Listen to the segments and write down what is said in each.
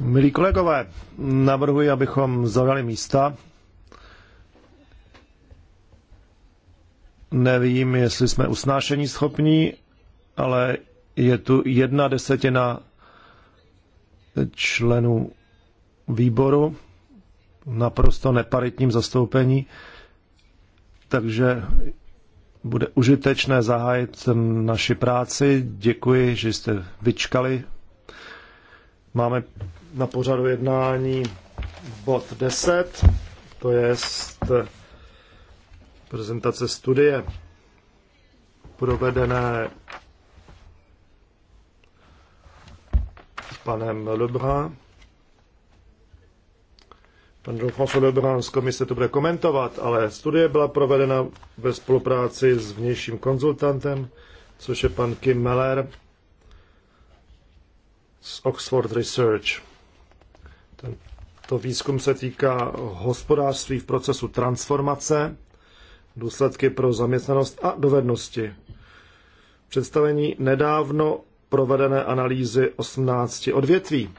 Milí kolegové, navrhuji, abychom zaujali místa. Nevím, jestli jsme usnášení schopní, ale je tu jedna desetina členů výboru naprosto neparitním zastoupení, takže bude užitečné zahájit naši práci. Děkuji, že jste vyčkali Máme na pořadu jednání bod 10, to je prezentace studie provedené panem Lebrun. Pan François Lebrun z komise to bude komentovat, ale studie byla provedena ve spolupráci s vnějším konzultantem, což je pan Kim Meller, z Oxford Research. Tento výzkum se týká hospodářství v procesu transformace, důsledky pro zaměstnanost a dovednosti. Představení nedávno provedené analýzy 18 odvětví.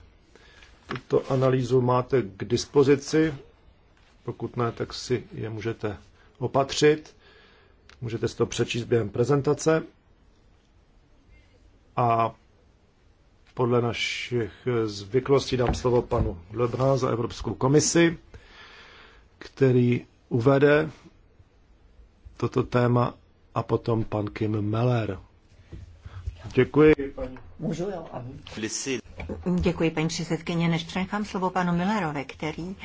Tuto analýzu máte k dispozici, pokud ne, tak si je můžete opatřit. Můžete si to přečíst během prezentace. A podle našich eh, zvyklostí dám slovo panu Lebrun za Evropskou komisi, který uvede toto téma a potom pan Kim Meller. Děkuji, paní. Můžu, jo, Děkuji, paní předsedkyně. Než přenechám slovo panu Millerovi, který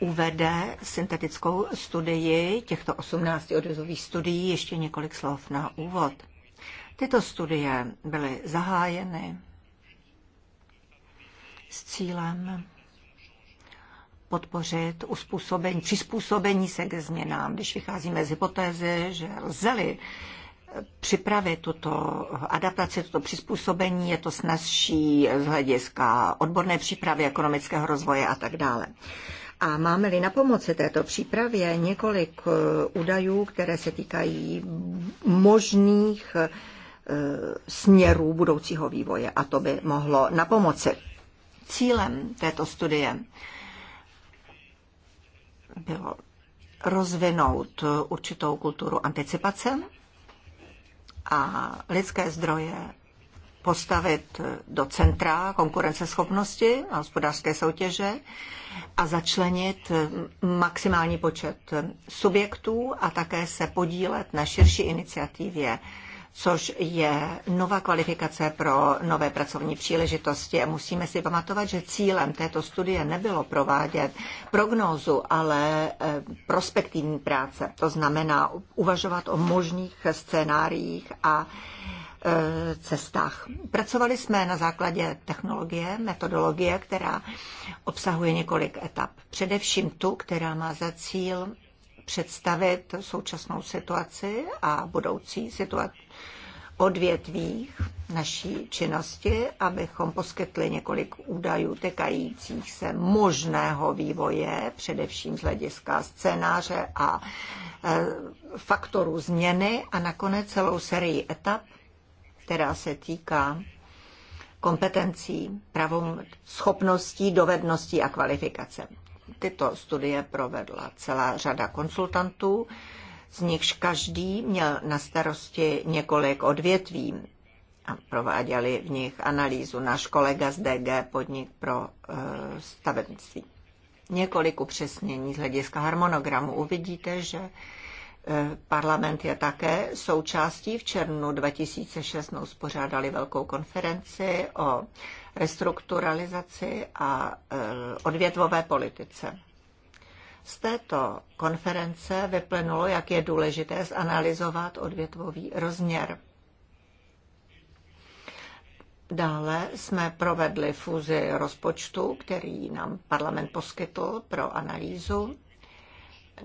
uvede syntetickou studii těchto 18 odezových studií, ještě několik slov na úvod. Tyto studie byly zahájeny s cílem podpořit uspůsobení, přizpůsobení se ke změnám. Když vycházíme z hypotézy, že lze-li připravit tuto adaptaci, toto přizpůsobení, je to snazší z hlediska odborné přípravy, ekonomického rozvoje a tak dále. A máme-li na pomoci této přípravě několik eh, údajů, které se týkají možných E, směrů budoucího vývoje a to by mohlo na pomoci. Cílem této studie bylo rozvinout určitou kulturu anticipace a lidské zdroje postavit do centra konkurenceschopnosti a hospodářské soutěže a začlenit maximální počet subjektů a také se podílet na širší iniciativě což je nová kvalifikace pro nové pracovní příležitosti. Musíme si pamatovat, že cílem této studie nebylo provádět prognózu, ale eh, prospektivní práce. To znamená uvažovat o možných scénáriích a eh, cestách. Pracovali jsme na základě technologie, metodologie, která obsahuje několik etap. Především tu, která má za cíl představit současnou situaci a budoucí situaci odvětvích naší činnosti, abychom poskytli několik údajů tekajících se možného vývoje, především z hlediska scénáře a e, faktorů změny a nakonec celou sérii etap, která se týká kompetencí, pravom, schopností, dovedností a kvalifikace. Tyto studie provedla celá řada konsultantů, z nichž každý měl na starosti několik odvětví a prováděli v nich analýzu. Náš kolega z DG podnik pro eh, stavebnictví. Několik upřesnění z hlediska harmonogramu. Uvidíte, že eh, Parlament je také součástí. V červnu 2006 uspořádali velkou konferenci o restrukturalizaci a eh, odvětvové politice. Z této konference vyplynulo, jak je důležité zanalizovat odvětvový rozměr. Dále jsme provedli fúzi rozpočtu, který nám parlament poskytl pro analýzu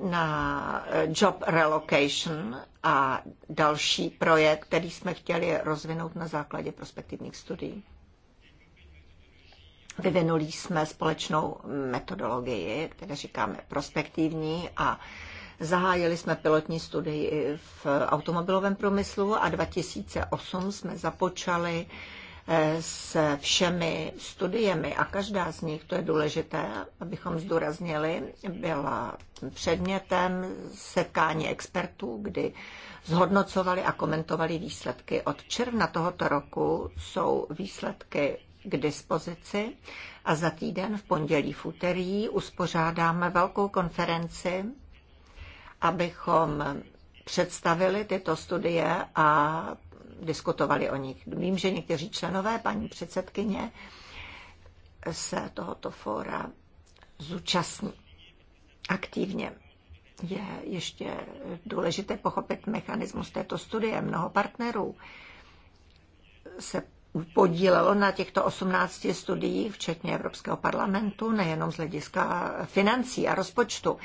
na job relocation a další projekt, který jsme chtěli rozvinout na základě prospektivních studií. Vyvinuli jsme společnou metodologii, které říkáme prospektivní a Zahájili jsme pilotní studii v automobilovém průmyslu a 2008 jsme započali eh, s všemi studiemi a každá z nich, to je důležité, abychom zdůraznili, byla předmětem setkání expertů, kdy zhodnocovali a komentovali výsledky. Od června tohoto roku jsou výsledky k dispozici a za týden v pondělí v úterý uspořádáme velkou konferenci, abychom představili tyto studie a diskutovali o nich. Vím, že někteří členové paní předsedkyně se tohoto fóra zúčastní aktivně. Je ještě důležité pochopit mechanismus této studie. Mnoho partnerů se podílelo na těchto 18 studiích, včetně Evropského parlamentu, nejenom z hlediska financí a rozpočtu.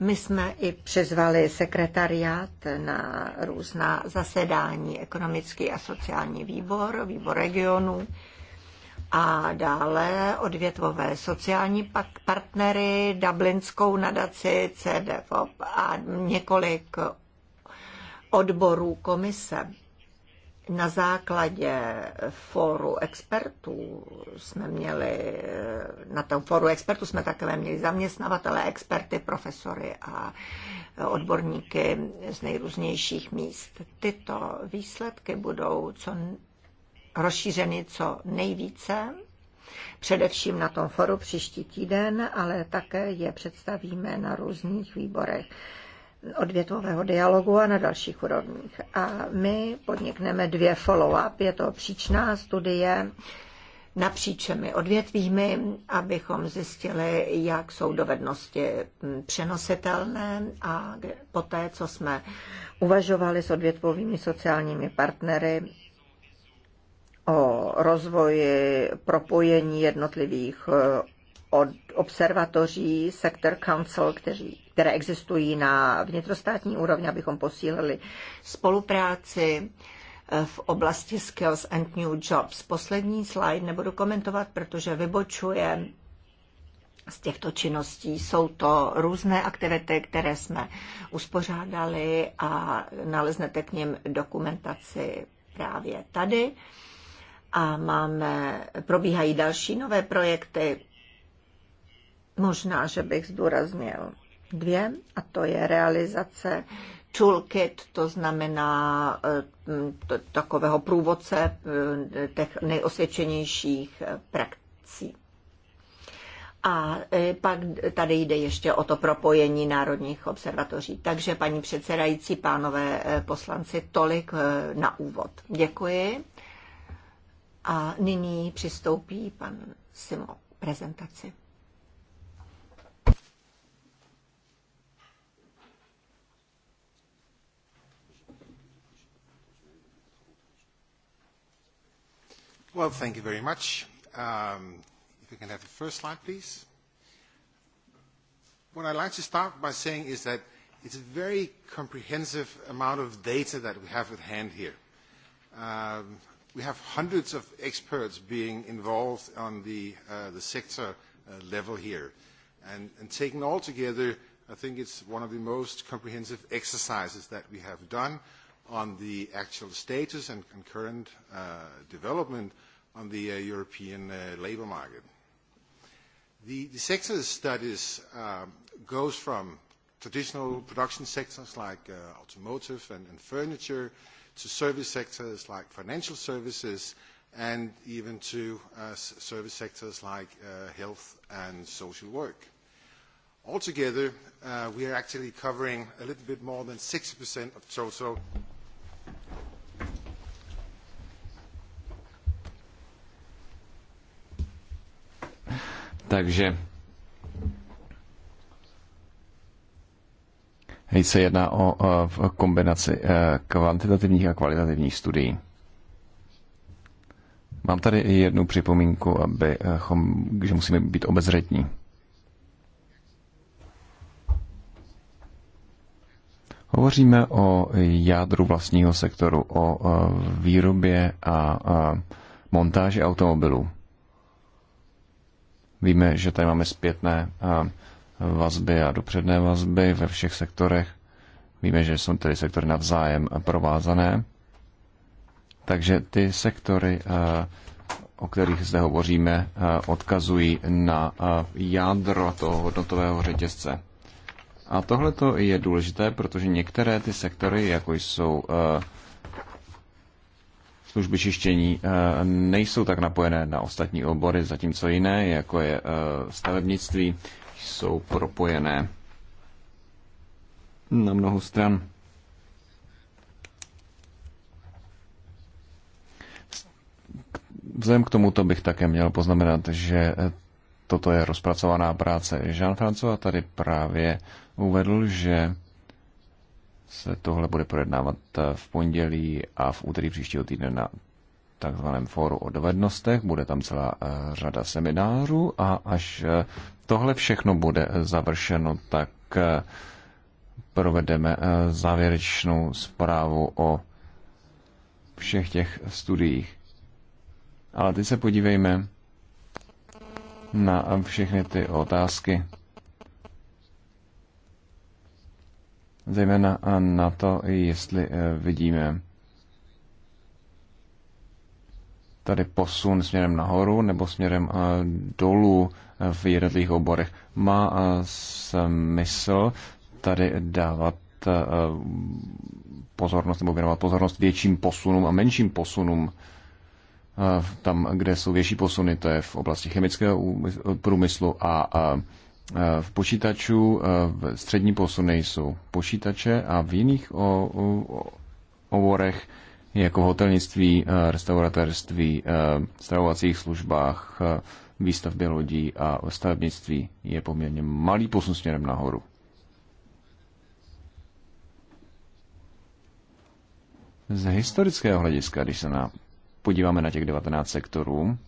My jsme i přizvali sekretariát na různá zasedání, ekonomický a sociální výbor, výbor regionů a dále odvětvové sociální partnery, Dublinskou nadaci CDFOP a několik odborů komise na základě foru expertů jsme měli, na tom foru expertů jsme také měli zaměstnavatele, experty, profesory a odborníky z nejrůznějších míst. Tyto výsledky budou co rozšířeny co nejvíce, především na tom foru příští týden, ale také je představíme na různých výborech odvětvového dialogu a na dalších úrovních. A my podnikneme dvě follow-up. Je to příčná studie napříč všemi odvětvími, abychom zjistili, jak jsou dovednosti přenositelné a poté, co jsme uvažovali s odvětvovými sociálními partnery, o rozvoji propojení jednotlivých od observatoří Sector Council, kteří, které existují na vnitrostátní úrovni, abychom posílili spolupráci eh, v oblasti Skills and New Jobs. Poslední slide nebudu komentovat, protože vybočuje z těchto činností. Jsou to různé aktivity, které jsme uspořádali a naleznete k ním dokumentaci právě tady. A máme, probíhají další nové projekty, možná, že bych zdůraznil dvě, a to je realizace toolkit, to znamená eh, takového průvodce eh, těch nejosvědčenějších eh, praxí. A pak tady jde ještě o to propojení národních observatoří. Takže paní předsedající, pánové poslanci, tolik na úvod. Děkuji. A nyní přistoupí pan Simo prezentaci. Well, thank you very much. Um, if we can have the first slide, please. What I'd like to start by saying is that it's a very comprehensive amount of data that we have at hand here. Um, we have hundreds of experts being involved on the, uh, the sector uh, level here. And, and taken all together, I think it's one of the most comprehensive exercises that we have done, on the actual status and, concurrent uh, development on the uh, European uh, labor market. The, the sector studies um, goes from traditional production sectors like uh, automotive and, and furniture to service sectors like financial services and even to uh, service sectors like uh, health and social work. Altogether, uh, we are actually covering a little bit more than 60% of total Takže se jedná o, o kombinaci e, kvantitativních a kvalitativních studií. Mám tady jednu připomínku, aby, e, že musíme být obezřetní. Hovoříme o jádru vlastního sektoru, o e, výrobě a montáži automobilů. Víme, že tady máme zpětné vazby a dopředné vazby ve všech sektorech. Víme, že jsou tedy sektory navzájem provázané. Takže ty sektory, o kterých zde hovoříme, odkazují na jádro toho hodnotového řetězce. A tohle je důležité, protože některé ty sektory, jako jsou služby čištění eh, nejsou tak napojené na ostatní obory, zatímco jiné, jako je eh, stavebnictví, jsou propojené na mnoho stran. Vzhledem k tomuto bych také měl poznamenat, že eh, toto je rozpracovaná práce. Jean François tady právě uvedl, že se tohle bude projednávat eh, v pondělí a v úterý příštího týdne na takzvaném fóru o dovednostech. Bude tam celá eh, řada seminářů a až eh, tohle všechno bude završeno, tak provedeme závěrečnou zprávu o všech těch studiích. Ale teď se podívejme na všechny ty otázky. zejména na to, jestli eh, vidíme tady posun směrem nahoru nebo směrem eh, dolů eh, v jednotlivých oborech. Má smysl tady dávat pozornost nebo věnovat pozornost větším posunům a menším posunům. Tam, kde jsou větší posuny, to je v oblasti chemického průmyslu a Eh, v počítačů eh, v střední posuny jsou počítače a v jiných oborech jako v hotelnictví, eh, restauratérství, stravovacích službách, výstavbě lodí a stavebnictví je poměrně malý posun směrem nahoru. Z historického hlediska, když se na, podíváme na těch 19 sektorů,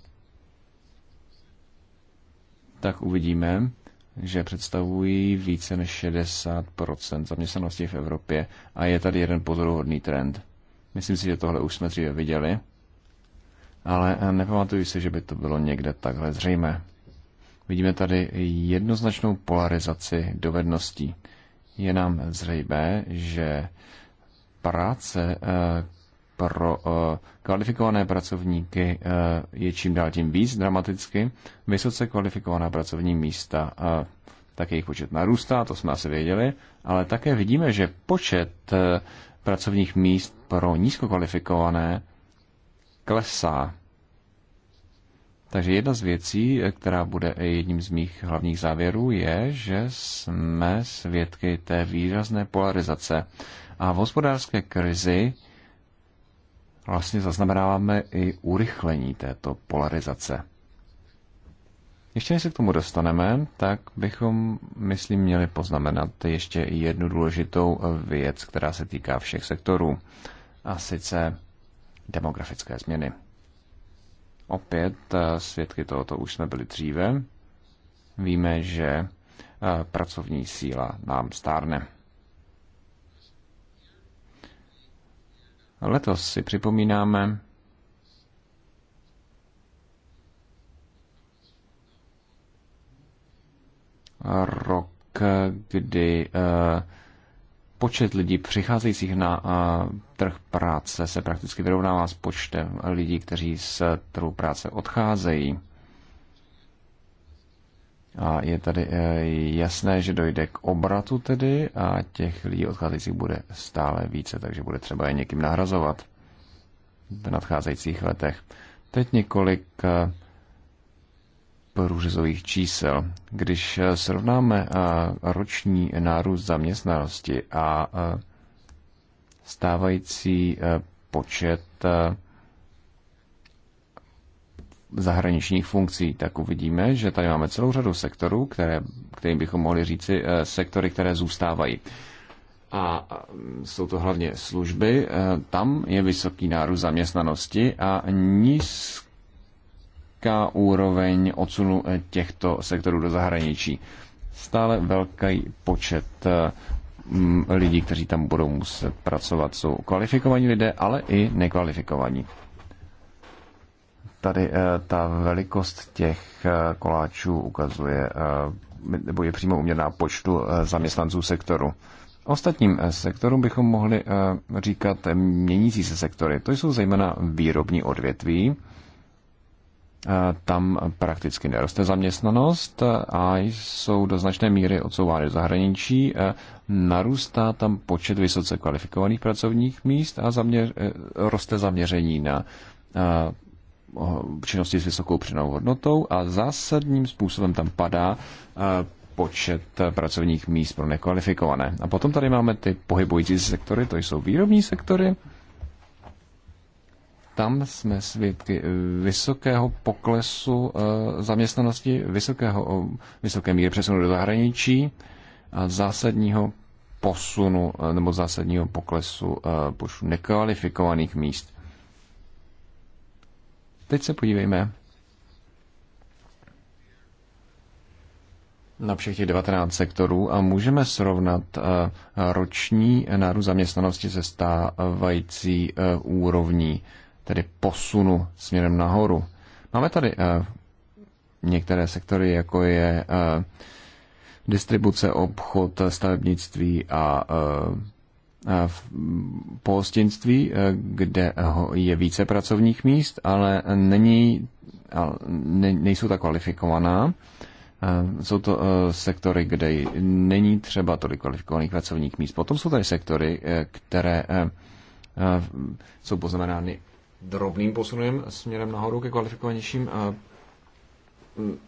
tak uvidíme, že představují více než 60 zaměstnanosti v Evropě a je tady jeden pozoruhodný trend. Myslím si, že tohle už jsme dříve viděli, ale nepamatuju si, že by to bylo někde takhle zřejmé. Vidíme tady jednoznačnou polarizaci dovedností. Je nám zřejmé, že práce, eh, pro eh, kvalifikované pracovníky eh, je čím dál tím víc dramaticky. Vysoce kvalifikovaná pracovní místa, eh, tak jejich počet narůstá, to jsme asi věděli, ale také vidíme, že počet pracovních míst pro nízkokvalifikované klesá. Takže jedna z věcí, která bude jedním z mých hlavních závěrů, je, že jsme svědky té výrazné polarizace. A v hospodářské krizi vlastně zaznamenáváme i urychlení této polarizace. Ještě než se k tomu dostaneme, tak bychom, myslím, měli poznamenat ještě jednu důležitou věc, která se týká všech sektorů, a sice demografické změny. Opět eh, svědky tohoto už jsme byli dříve. Víme, že eh, pracovní síla nám stárne. Letos si připomínáme rok, kdy eh, počet lidí přicházejících na eh, trh práce se prakticky vyrovnává s počtem lidí, kteří z trhu práce odcházejí. A je tady eh, jasné, že dojde k obratu tedy a těch lidí odcházejících bude stále více, takže bude třeba je někým nahrazovat v nadcházejících letech. Teď několik eh, průřezových čísel. Když eh, srovnáme roční nárůst zaměstnanosti a stávající počet zahraničních funkcí, tak uvidíme, že tady máme celou řadu sektorů, které, kterým bychom mohli říci eh, sektory, které zůstávají. A jsou to hlavně služby. Eh, tam je vysoký nárůst zaměstnanosti a nízká úroveň odsunu eh, těchto sektorů do zahraničí. Stále velký počet lidí, kteří tam budou muset pracovat, jsou kvalifikovaní lidé, ale i nekvalifikovaní tady eh, ta velikost těch eh, koláčů ukazuje, eh, nebo je přímo uměrná počtu zaměstnanců sektoru. Ostatním sektorům bychom mohli říkat měnící se sektory. To jsou zejména výrobní odvětví. Tam prakticky neroste zaměstnanost a jsou do značné míry odsouvány do zahraničí. Narůstá tam počet vysoce kvalifikovaných pracovních míst a zaměř, roste zaměření na Eh, činnosti s vysokou přidanou hodnotou a zásadním způsobem tam padá eh, počet pracovních míst pro nekvalifikované. A potom tady máme ty pohybující sektory, to jsou výrobní sektory. Tam jsme svědky eh, vysokého poklesu zaměstnanosti, vysokého, vysoké míry přesunu do zahraničí a zásadního posunu nebo zásadního poklesu počtu nekvalifikovaných míst. Teď se podívejme na všech těch 19 sektorů a můžeme srovnat eh, roční nárůst zaměstnanosti se stávající eh, úrovní, tedy posunu směrem nahoru. Máme tady eh, některé sektory, jako je distribuce, obchod, stavebnictví a Eh, v pohostinství, eh, kde je více pracovních míst, ale není, nejsou tak kvalifikovaná. Eh, jsou to sektory, kde není třeba tolik kvalifikovaných pracovních míst. Potom jsou tady sektory, které jsou poznamenány drobným posunem směrem nahoru ke kvalifikovanějším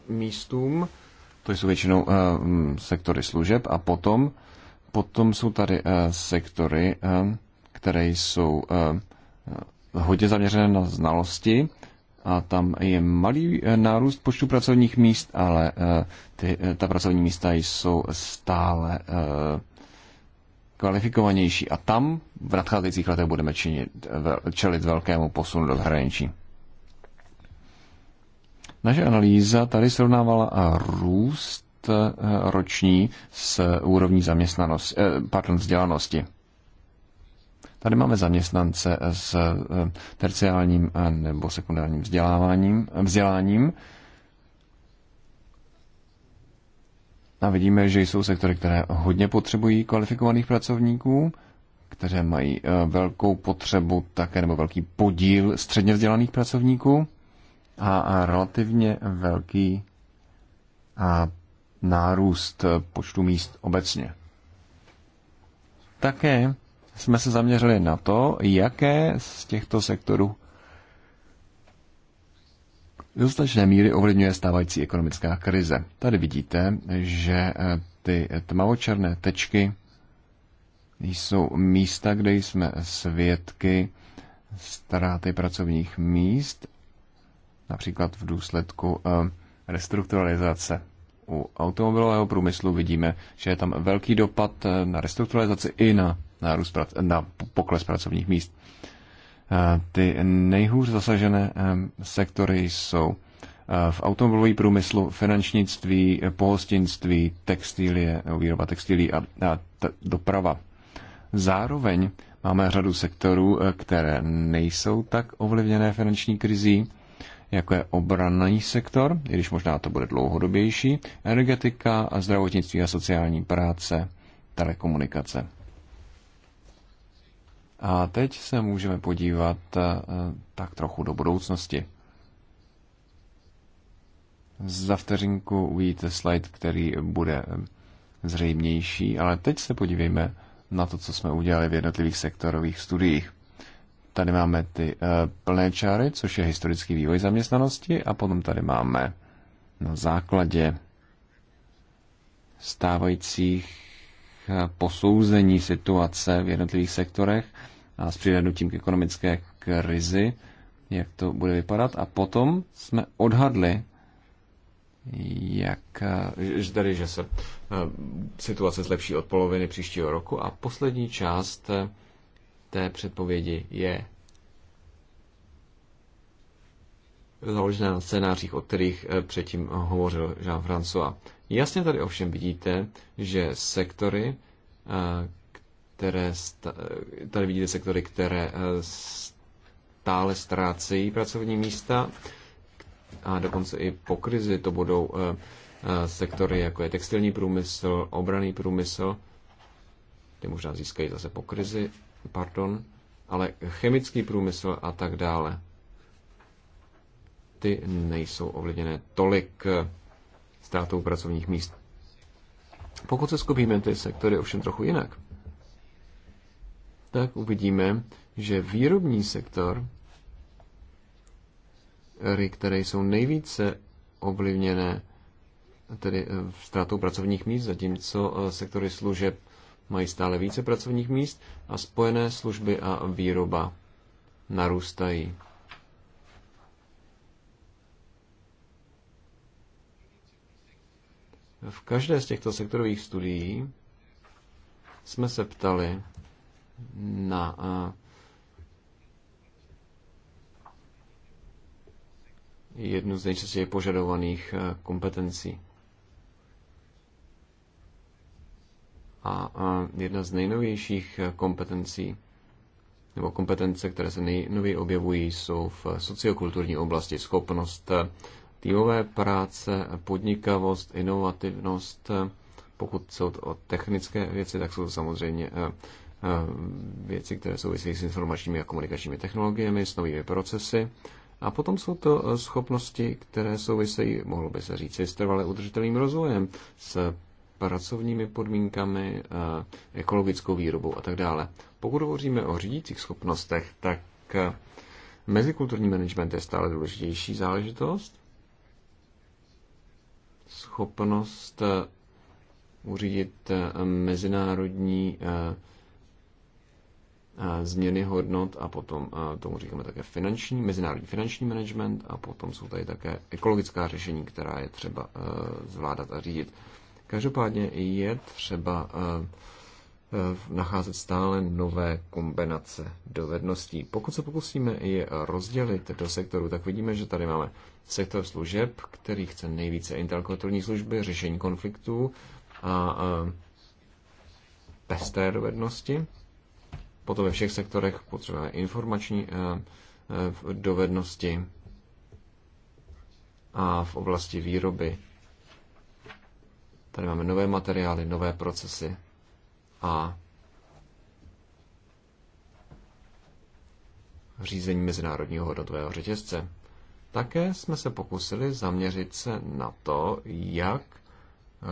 místům. To jsou většinou sektory služeb a potom Potom jsou tady eh, sektory, eh, které jsou eh, hodně zaměřené na znalosti a tam je malý nárůst počtu pracovních míst, ale ty, ta pracovní místa jsou stále kvalifikovanější a tam v nadcházejících letech budeme činit, čelit velkému posunu do zahraničí. Naše analýza tady srovnávala růst roční s úrovní zaměstnanosti, eh, pardon, vzdělanosti. Tady máme zaměstnance s eh, terciálním eh, nebo sekundárním vzděláváním, vzděláním. A vidíme, že jsou sektory, které hodně potřebují kvalifikovaných pracovníků, které mají velkou potřebu také nebo velký podíl středně vzdělaných pracovníků a relativně velký a nárůst eh, počtu míst obecně. Také jsme se zaměřili na to, jaké z těchto sektorů do značné míry ovlivňuje stávající ekonomická krize. Tady vidíte, že eh, ty tmavočerné tečky jsou místa, kde jsme svědky ztráty pracovních míst, například v důsledku eh, restrukturalizace u automobilového průmyslu vidíme, že je tam velký dopad na restrukturalizaci i na, nárůst, na pokles pracovních míst. Eh, ty nejhůř zasažené ehm, sektory jsou eh, v automobilovém průmyslu finančnictví, pohostinství, textilie, výroba textilí a, a t- doprava. Zároveň máme řadu sektorů, eh, které nejsou tak ovlivněné finanční krizí jako je obranný sektor, i když možná to bude dlouhodobější, energetika a zdravotnictví a sociální práce, telekomunikace. A teď se můžeme podívat eh, tak trochu do budoucnosti. Za vteřinku uvidíte slide, který bude eh, zřejmější, ale teď se podívejme na to, co jsme udělali v jednotlivých sektorových studiích. Tady máme ty eh, plné čáry, což je historický vývoj zaměstnanosti a potom tady máme na základě stávajících eh, posouzení situace v jednotlivých sektorech a s přihlednutím k ekonomické krizi, jak to bude vypadat. A potom jsme odhadli, jak, eh, tady, že se situace zlepší od poloviny příštího roku. A poslední část té předpovědi je založené na scénářích, o kterých eh, předtím hovořil Jean-François. Jasně tady ovšem vidíte, že sektory, eh, které eh, tady vidíte sektory, které stále ztrácejí pracovní místa a dokonce i po krizi to budou sektory, jako je textilní průmysl, obraný průmysl, ty možná získají zase po krizi pardon, ale chemický průmysl a tak dále, ty nejsou ovlivněné tolik ztrátou pracovních míst. Pokud se skupíme ty sektory ovšem trochu jinak, tak uvidíme, že výrobní sektor, které jsou nejvíce ovlivněné tedy ztrátou pracovních míst, zatímco eh, sektory služeb mají stále více pracovních míst a spojené služby a výroba narůstají. V každé z těchto sektorových studií jsme se ptali na jednu z nejčastěji požadovaných kompetencí. A, a jedna z nejnovějších kompetencí nebo kompetence, které se nejnověji objevují, jsou v sociokulturní oblasti. Schopnost eh, týmové práce, podnikavost, inovativnost. Eh, pokud jsou to technické věci, tak jsou to samozřejmě eh, věci, které souvisí s informačními a komunikačními technologiemi, s novými procesy. A potom jsou to schopnosti, které souvisejí, mohlo by se říct, s trvale udržitelným rozvojem, s pracovními podmínkami, eh, ekologickou výrobou a tak dále. Pokud hovoříme o řídících schopnostech, tak eh, mezikulturní management je stále důležitější záležitost. Schopnost eh, uřídit mezinárodní změny hodnot a potom tomu říkáme také finanční, mezinárodní finanční management a potom jsou tady také ekologická řešení, která je třeba zvládat a řídit. Každopádně je třeba eh, eh, nacházet stále nové kombinace dovedností. Pokud se pokusíme je rozdělit do sektoru, tak vidíme, že tady máme sektor služeb, který chce nejvíce intelektuální služby, řešení konfliktů a pesté eh, dovednosti. Potom ve všech sektorech potřebujeme informační dovednosti a v oblasti výroby Tady máme nové materiály, nové procesy a řízení mezinárodního hodnotového řetězce. Také jsme se pokusili zaměřit se na to, jak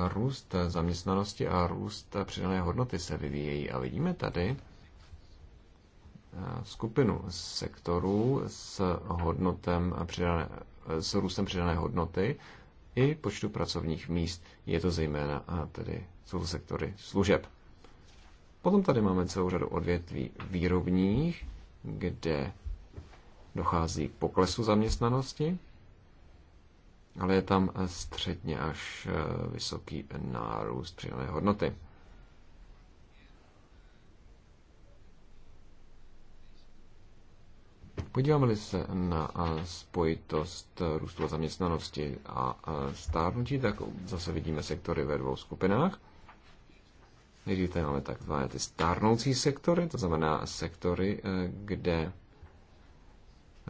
růst zaměstnanosti a růst přidané hodnoty se vyvíjejí. A vidíme tady eh, skupinu sektorů s, hodnotem přidané, s růstem přidané hodnoty, i počtu pracovních míst. Je to zejména a tedy jsou to sektory služeb. Potom tady máme celou řadu odvětví výrobních, kde dochází k poklesu zaměstnanosti, ale je tam středně až e, vysoký nárůst přidané hodnoty. Podíváme-li se na spojitost e, růstu a zaměstnanosti a stárnutí, tak zase vidíme sektory ve dvou skupinách. Nejdřív tady máme takzvané ty stárnoucí sektory, to znamená sektory, e, kde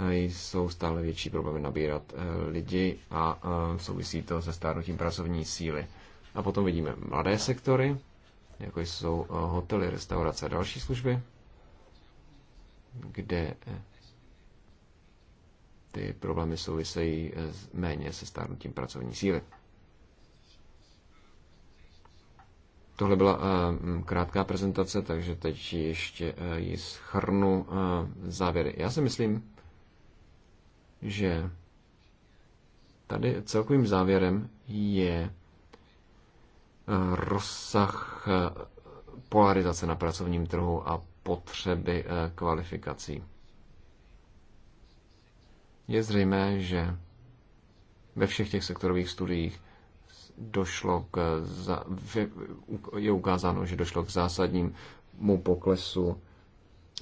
e, jsou stále větší problémy nabírat lidi a souvisí to se stárnutím pracovní síly. A potom vidíme mladé sektory, jako jsou hotely, restaurace a další služby, kde ty problémy souvisejí eh, méně se stárnutím pracovní síly. Tohle byla eh, krátká prezentace, takže teď ještě eh, ji schrnu závěry. Já si myslím, že tady celkovým závěrem je rozsah polarizace na pracovním trhu a potřeby kvalifikací je zřejmé, že ve všech těch sektorových studiích došlo k, je ukázáno, že došlo k zásadnímu poklesu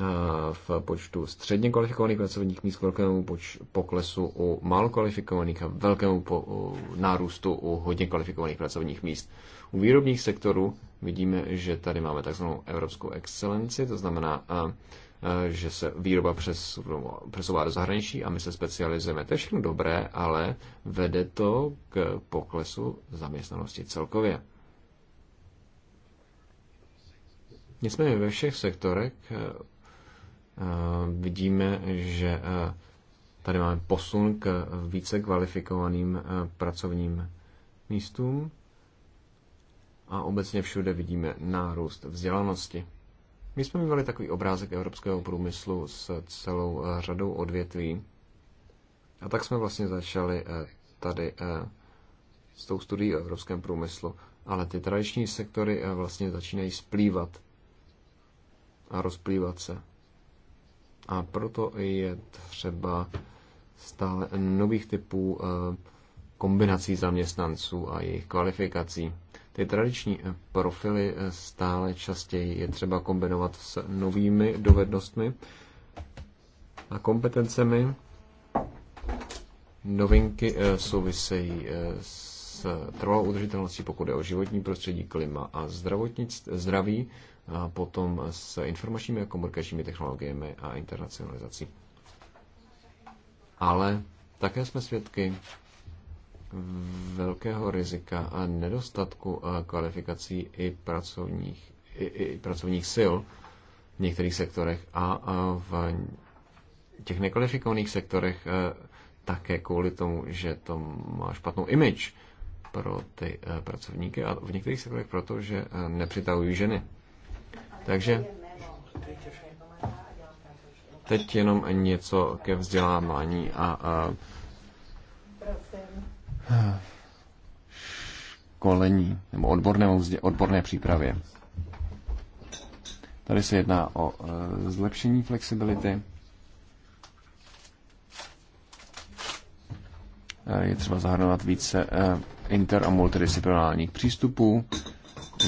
eh, v počtu středně kvalifikovaných pracovních míst, k velkému poklesu u málo kvalifikovaných a velkému po, nárůstu u hodně kvalifikovaných pracovních míst. U výrobních sektorů vidíme, že tady máme takzvanou evropskou excelenci, to znamená eh, Eh, že se výroba přesouvá do zahraničí a my se specializujeme. To je všechno dobré, ale vede to k poklesu zaměstnanosti celkově. Nicméně ve všech sektorech eh, eh, vidíme, že tady máme posun k více kvalifikovaným pracovním místům a obecně všude vidíme nárůst vzdělanosti. My jsme měli takový obrázek evropského průmyslu s celou eh, řadou odvětví. A tak jsme vlastně začali eh, tady eh, s tou studií o evropském průmyslu. Ale ty tradiční sektory vlastně začínají splývat a rozplývat se. A proto je třeba stále nových typů kombinací zaměstnanců a jejich kvalifikací. Ty tradiční eh, profily eh, stále častěji je třeba kombinovat s novými dovednostmi a kompetencemi. Novinky eh, souvisejí s trvalou udržitelností, pokud je o životní prostředí, klima a zdraví, a potom s informačními a komunikačními technologiemi a internacionalizací. Ale také jsme svědky velkého rizika a nedostatku kvalifikací i pracovních, i, i pracovních sil v některých sektorech a v těch nekvalifikovaných sektorech e, také kvůli tomu, že to má špatnou image pro ty e, pracovníky a v některých sektorech proto, že e, nepřitahují ženy. Takže teď jenom něco ke vzdělávání a, a školení nebo odborné vzdě, odborné přípravě. Tady se jedná o e, zlepšení flexibility. E, je třeba zahrnovat více e, inter- a multidisciplinárních přístupů.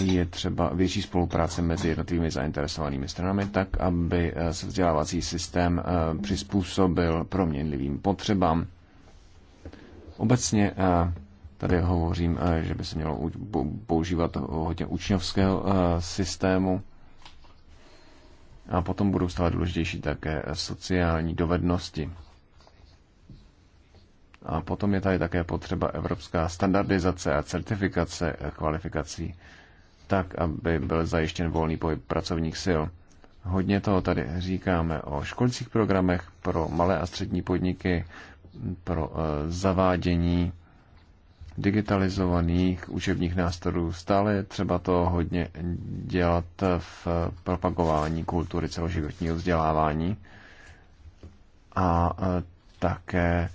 Je třeba větší spolupráce mezi jednotlivými zainteresovanými stranami, tak aby se vzdělávací systém přizpůsobil proměnlivým potřebám Obecně eh, tady hovořím, eh, že by se mělo používat hodně učňovského eh, systému. A potom budou stále důležitější také sociální dovednosti. A potom je tady také potřeba evropská standardizace a certifikace kvalifikací, tak, aby byl zajištěn volný pohyb pracovních sil. Hodně toho tady říkáme o školcích programech pro malé a střední podniky, pro eh, zavádění digitalizovaných učebních nástrojů. Stále je třeba to hodně dělat v eh, propagování kultury celoživotního vzdělávání a eh, také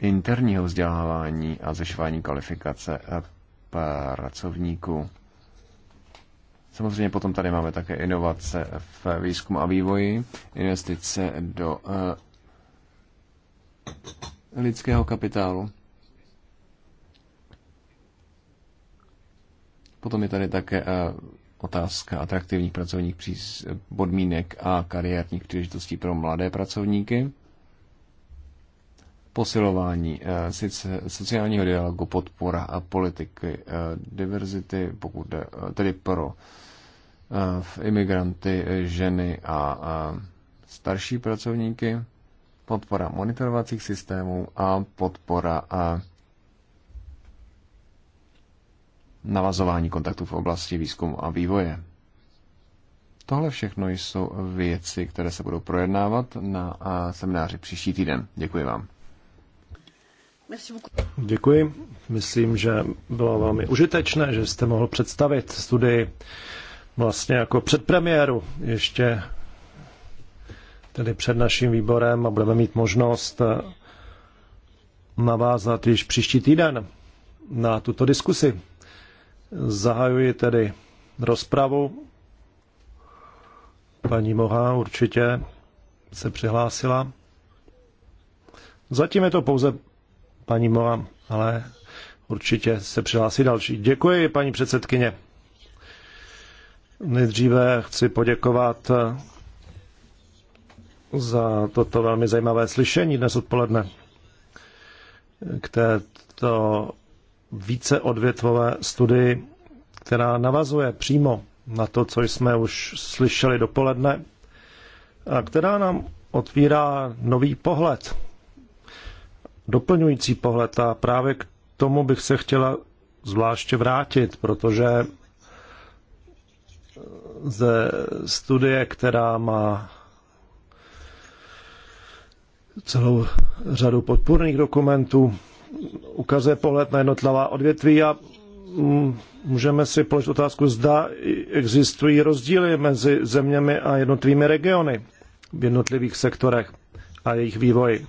interního vzdělávání a zvyšování kvalifikace pracovníků. Samozřejmě potom tady máme také inovace v výzkumu a vývoji, investice do lidského kapitálu. Potom je tady také eh, otázka atraktivních pracovních podmínek a kariérních příležitostí pro mladé pracovníky. Posilování eh, sice sociálního dialogu, podpora a politiky eh, diverzity, pokud jde, tedy pro imigranty, ženy a starší pracovníky podpora monitorovacích systémů a podpora a navazování kontaktů v oblasti výzkumu a vývoje. Tohle všechno jsou věci, které se budou projednávat na semináři příští týden. Děkuji vám. Děkuji. Myslím, že bylo velmi užitečné, že jste mohl představit studii vlastně jako předpremiéru ještě tedy před naším výborem a budeme mít možnost eh, navázat již příští týden na tuto diskusi. Zahajuji tedy rozpravu. Paní Moha určitě se přihlásila. Zatím je to pouze paní Moha, ale určitě se přihlásí další. Děkuji, paní předsedkyně. Nejdříve chci poděkovat eh, za toto velmi zajímavé slyšení dnes odpoledne k této více odvětvové studii, která navazuje přímo na to, co jsme už slyšeli dopoledne a která nám otvírá nový pohled, doplňující pohled a právě k tomu bych se chtěla zvláště vrátit, protože ze studie, která má celou řadu podpůrných dokumentů, ukazuje pohled na jednotlivá odvětví a mm, můžeme si položit otázku, zda existují rozdíly mezi zeměmi a jednotlivými regiony v jednotlivých sektorech a jejich vývoji.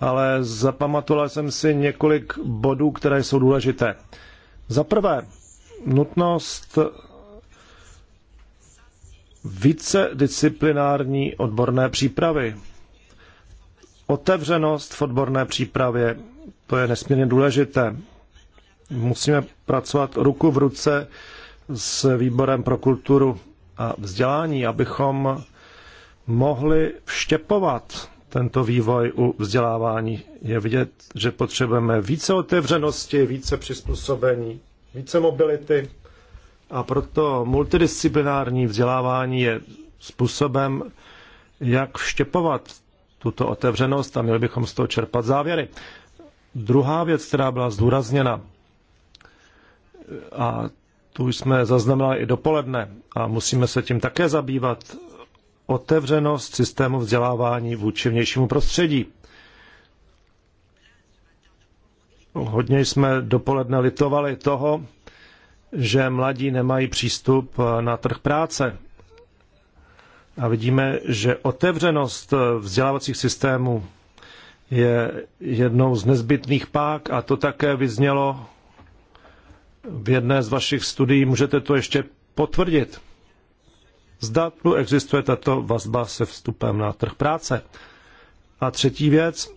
Ale zapamatoval jsem si několik bodů, které jsou důležité. Za prvé, nutnost více disciplinární odborné přípravy otevřenost v odborné přípravě, to je nesmírně důležité. Musíme pracovat ruku v ruce s výborem pro kulturu a vzdělání, abychom mohli vštěpovat tento vývoj u vzdělávání. Je vidět, že potřebujeme více otevřenosti, více přizpůsobení, více mobility a proto multidisciplinární vzdělávání je způsobem, jak vštěpovat tuto otevřenost a měli bychom z toho čerpat závěry. Druhá věc, která byla zdůrazněna, a tu jsme zaznamenali i dopoledne a musíme se tím také zabývat, otevřenost systému vzdělávání vůči vnějšímu prostředí. Hodně jsme dopoledne litovali toho, že mladí nemají přístup na trh práce. A vidíme, že otevřenost vzdělávacích systémů je jednou z nezbytných pák a to také vyznělo v jedné z vašich studií. Můžete to ještě potvrdit? Zda tu existuje tato vazba se vstupem na trh práce. A třetí věc,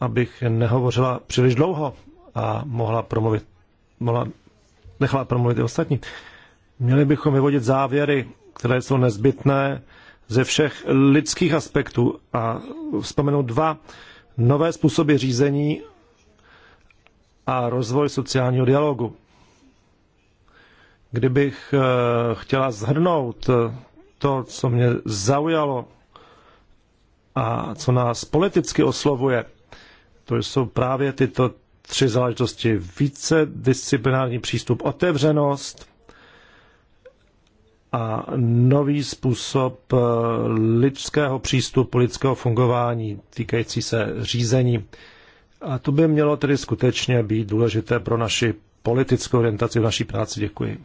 abych nehovořila příliš dlouho a mohla promluvit, mohla, nechala promluvit i ostatní. Měli bychom vyvodit závěry, které jsou nezbytné ze všech lidských aspektů a vzpomenout dva nové způsoby řízení a rozvoj sociálního dialogu. Kdybych eh, chtěla zhrnout eh, to, co mě zaujalo a co nás politicky oslovuje, to jsou právě tyto tři záležitosti. Více disciplinární přístup, otevřenost, a nový způsob eh, lidského přístupu, lidského fungování týkající se řízení. A to by mělo tedy skutečně být důležité pro naši politickou orientaci v naší práci. Děkuji.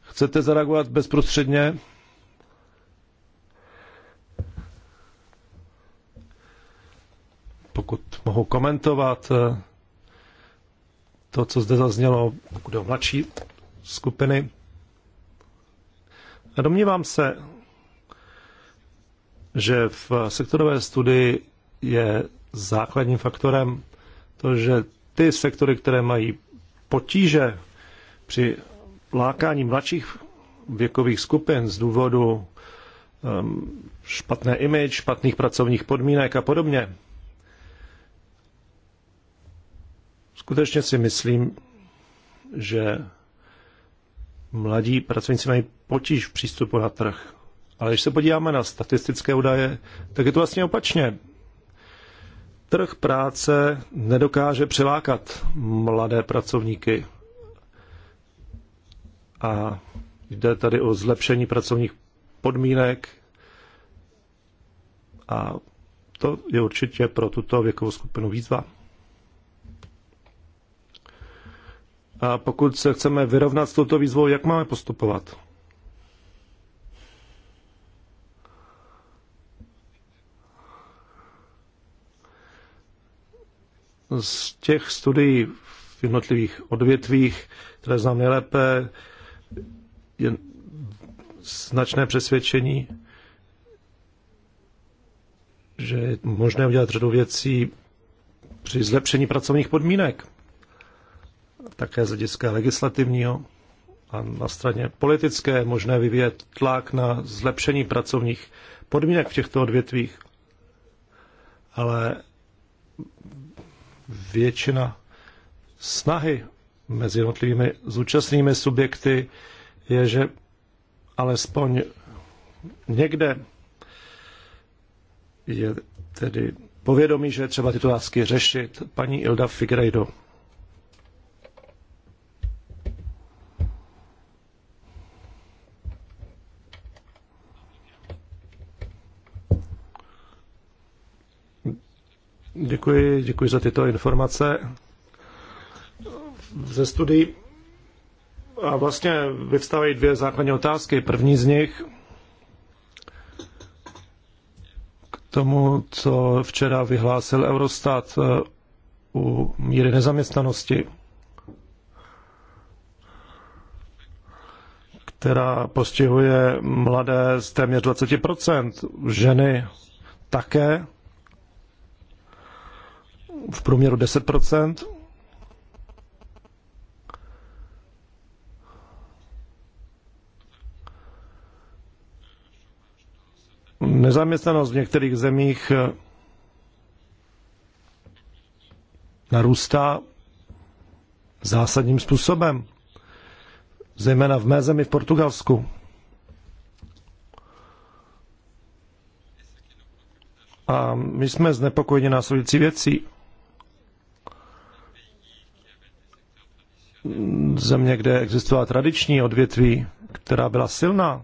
Chcete zareagovat bezprostředně? Pokud mohu komentovat eh, to, co zde zaznělo, pokud o mladší skupiny, Domnívám se, že v sektorové studii je základním faktorem to, že ty sektory, které mají potíže při lákání mladších věkových skupin z důvodu um, špatné image, špatných pracovních podmínek a podobně. Skutečně si myslím, že mladí pracovníci mají potíž v přístupu na trh. Ale když se podíváme na statistické údaje, tak je to vlastně opačně. Trh práce nedokáže přilákat mladé pracovníky. A jde tady o zlepšení pracovních podmínek. A to je určitě pro tuto věkovou skupinu výzva. A pokud se chceme vyrovnat s touto výzvou, jak máme postupovat? Z těch studií v jednotlivých odvětvích, které znám nejlépe, je značné přesvědčení, že je možné udělat řadu věcí při zlepšení pracovních podmínek také z hlediska legislativního a na straně politické je možné vyvíjet tlak na zlepšení pracovních podmínek v těchto odvětvích. Ale většina snahy mezi jednotlivými zúčastnými subjekty je, že alespoň někde je tedy povědomí, že je třeba tyto otázky řešit. Paní Ilda Figrejdo. Děkuji, děkuji za tyto informace ze studií. A vlastně vyvstávají dvě základní otázky. První z nich k tomu, co včera vyhlásil Eurostat eh, u míry nezaměstnanosti, která postihuje mladé z téměř 20%, ženy také v průměru 10 Nezaměstnanost v některých zemích eh, narůstá zásadním způsobem, zejména v mé zemi v Portugalsku. A my jsme znepokojeni následující věcí. země, kde existovala tradiční odvětví, která byla silná,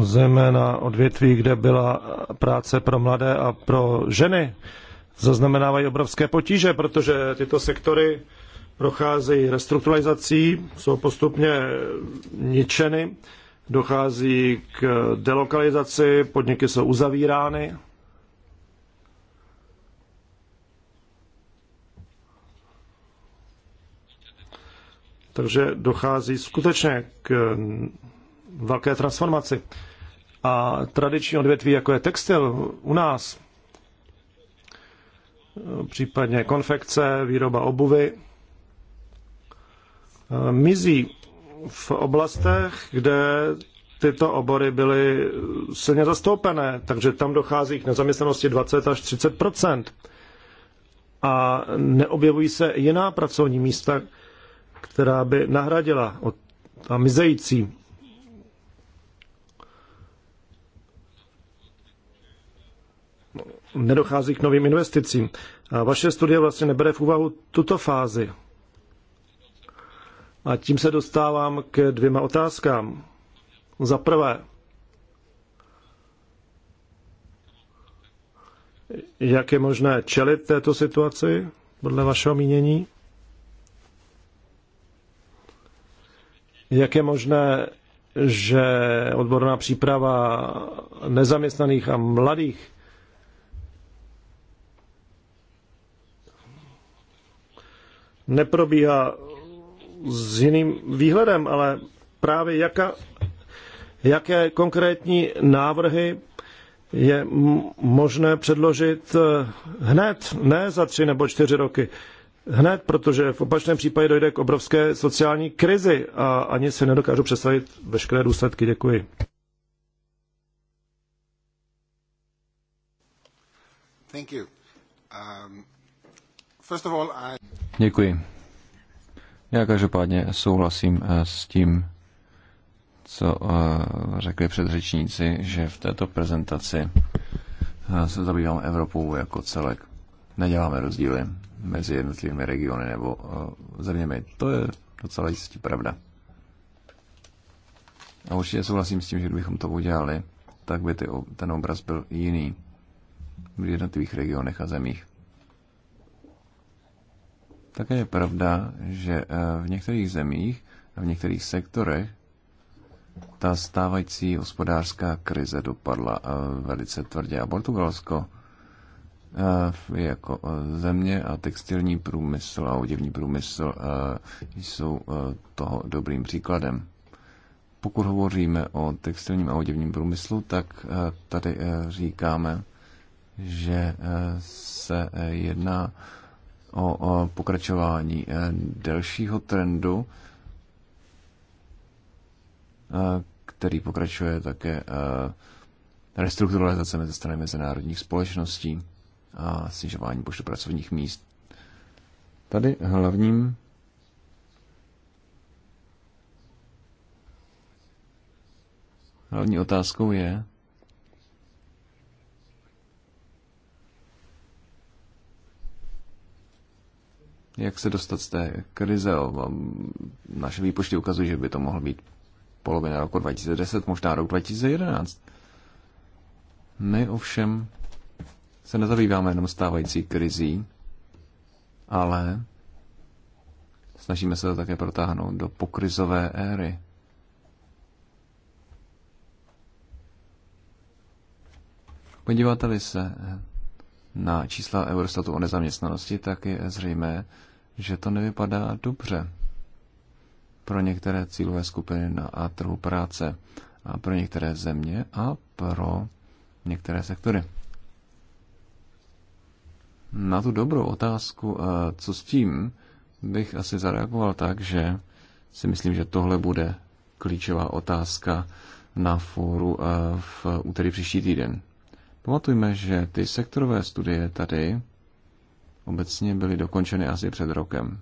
zejména odvětví, kde byla práce pro mladé a pro ženy, zaznamenávají obrovské potíže, protože tyto sektory procházejí restrukturalizací, jsou postupně ničeny, dochází k delokalizaci, podniky jsou uzavírány Takže dochází skutečně k velké transformaci. A tradiční odvětví, jako je textil u nás, případně konfekce, výroba obuvy, mizí v oblastech, kde tyto obory byly silně zastoupené, takže tam dochází k nezaměstnanosti 20 až 30 A neobjevují se jiná pracovní místa, která by nahradila od, ta mizející. No, nedochází k novým investicím. A vaše studie vlastně nebere v úvahu tuto fázi. A tím se dostávám k dvěma otázkám. Za prvé, jak je možné čelit této situaci, podle vašeho mínění? Jak je možné, že odborná příprava nezaměstnaných a mladých neprobíhá s jiným výhledem, ale právě jaka, jaké konkrétní návrhy je možné předložit eh, hned, ne za tři nebo čtyři roky hned, protože v opačném případě dojde k obrovské sociální krizi a ani si nedokážu představit veškeré důsledky. Děkuji. Thank you. Um, first of all, I... Děkuji. Já každopádně souhlasím eh, s tím, co eh, řekli předřečníci, že v této prezentaci eh, se zabývám Evropou jako celek neděláme rozdíly mezi jednotlivými regiony nebo eh, zeměmi. To je docela jistě pravda. A určitě souhlasím s tím, že kdybychom to udělali, tak by ty, ten obraz byl jiný v jednotlivých regionech a zemích. Také je pravda, že eh, v některých zemích a v některých sektorech ta stávající hospodářská krize dopadla eh, velice tvrdě. A Portugalsko jako země a textilní průmysl a oděvní průmysl jsou toho dobrým příkladem. Pokud hovoříme o textilním a oděvním průmyslu, tak tady říkáme, že se jedná o pokračování delšího trendu, který pokračuje také restrukturalizace ze strany mezinárodních společností a snižování počtu pracovních míst. Tady hlavním hlavní otázkou je, jak se dostat z té krize. Naše výpočty ukazují, že by to mohl být polovina roku 2010, možná rok 2011. My ovšem se nezabýváme jenom stávající krizí, ale snažíme se to také protáhnout do pokrizové éry. Podíváte-li se na čísla Eurostatu o nezaměstnanosti, tak je zřejmé, že to nevypadá dobře pro některé cílové skupiny na trhu práce a pro některé země a pro některé sektory. Na tu dobrou otázku, eh, co s tím, bych asi zareagoval tak, že si myslím, že tohle bude klíčová otázka na fóru eh, v úterý příští týden. Pamatujme, že ty sektorové studie tady obecně byly dokončeny asi před rokem.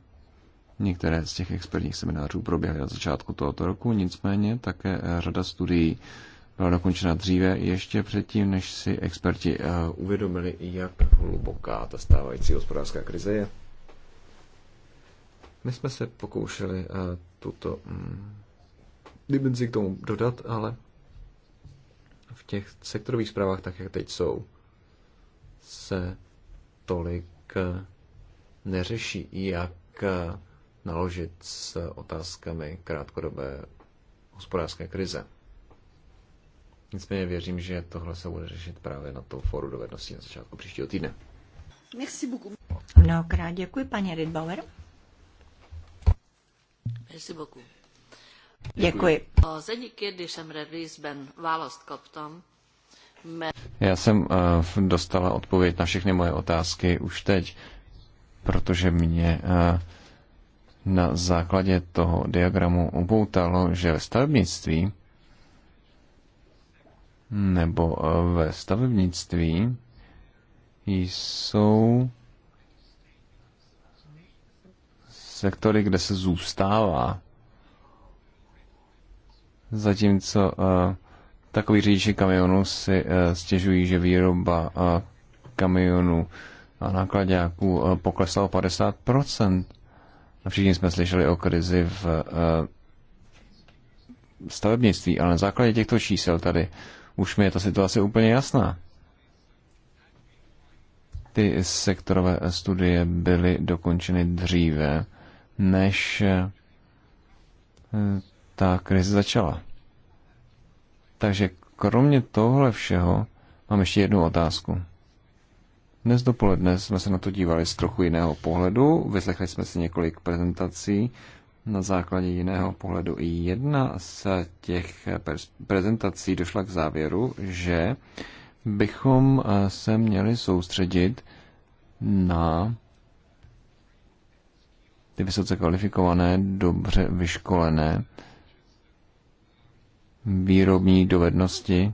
Některé z těch expertních seminářů proběhly na začátku tohoto roku, nicméně také eh, řada studií byla dokončena dříve, ještě předtím, než si experti eh, uvědomili, jak hluboká ta stávající hospodářská krize je. My jsme se pokoušeli eh, tuto mm, dimenzi k tomu dodat, ale v těch sektorových zprávách, tak jak teď jsou, se tolik eh, neřeší, jak naložit s otázkami krátkodobé hospodářské krize. Nicméně věřím, že tohle se bude řešit právě na tom fóru dovedností na začátku příštího týdne. Merci beaucoup. Mnohokrát děkuji, paní Rydbauer. Merci beaucoup. Děkuji. Já jsem eh, dostala odpověď na všechny moje otázky už teď, protože mě eh, na základě toho diagramu upoutalo, že ve stavebnictví nebo eh, ve stavebnictví jsou sektory, kde se zůstává. Zatímco eh, takový řidiči kamionů si eh, stěžují, že výroba kamionů a nákladňáků poklesla o 50%. Všichni jsme slyšeli o krizi v stavebnictví, ale na základě těchto čísel tady už mi je ta situace úplně jasná. Ty sektorové studie byly dokončeny dříve, než eh, ta krize začala. Takže kromě tohle všeho mám ještě jednu otázku. Dnes dopoledne jsme se na to dívali z trochu jiného pohledu, vyslechli jsme si několik prezentací na základě jiného pohledu. i Jedna z těch prezentací došla k závěru, že bychom eh, se měli soustředit na ty vysoce kvalifikované, dobře vyškolené výrobní dovednosti,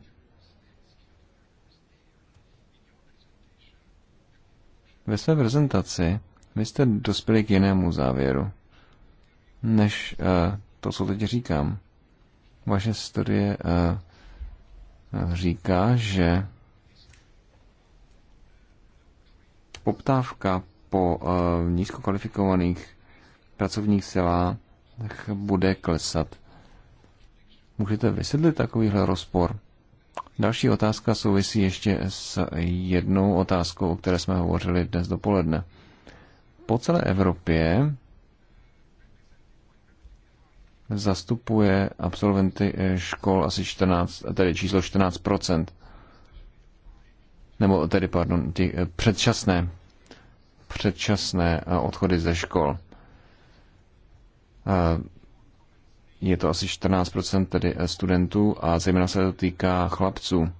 Ve své prezentaci vy jste dospěli k jinému závěru než eh, to, co teď říkám. Vaše studie eh, říká, že poptávka po eh, nízkokvalifikovaných pracovních silách bude klesat. Můžete vysvětlit takovýhle rozpor? Další otázka souvisí ještě s jednou otázkou, o které jsme hovořili dnes dopoledne. Po celé Evropě zastupuje absolventy eh, škol asi 14, tedy číslo 14 nebo tedy, pardon, ty eh, předčasné, předčasné eh, odchody ze škol. Je to asi 14% tedy studentů a zejména se to týká chlapců.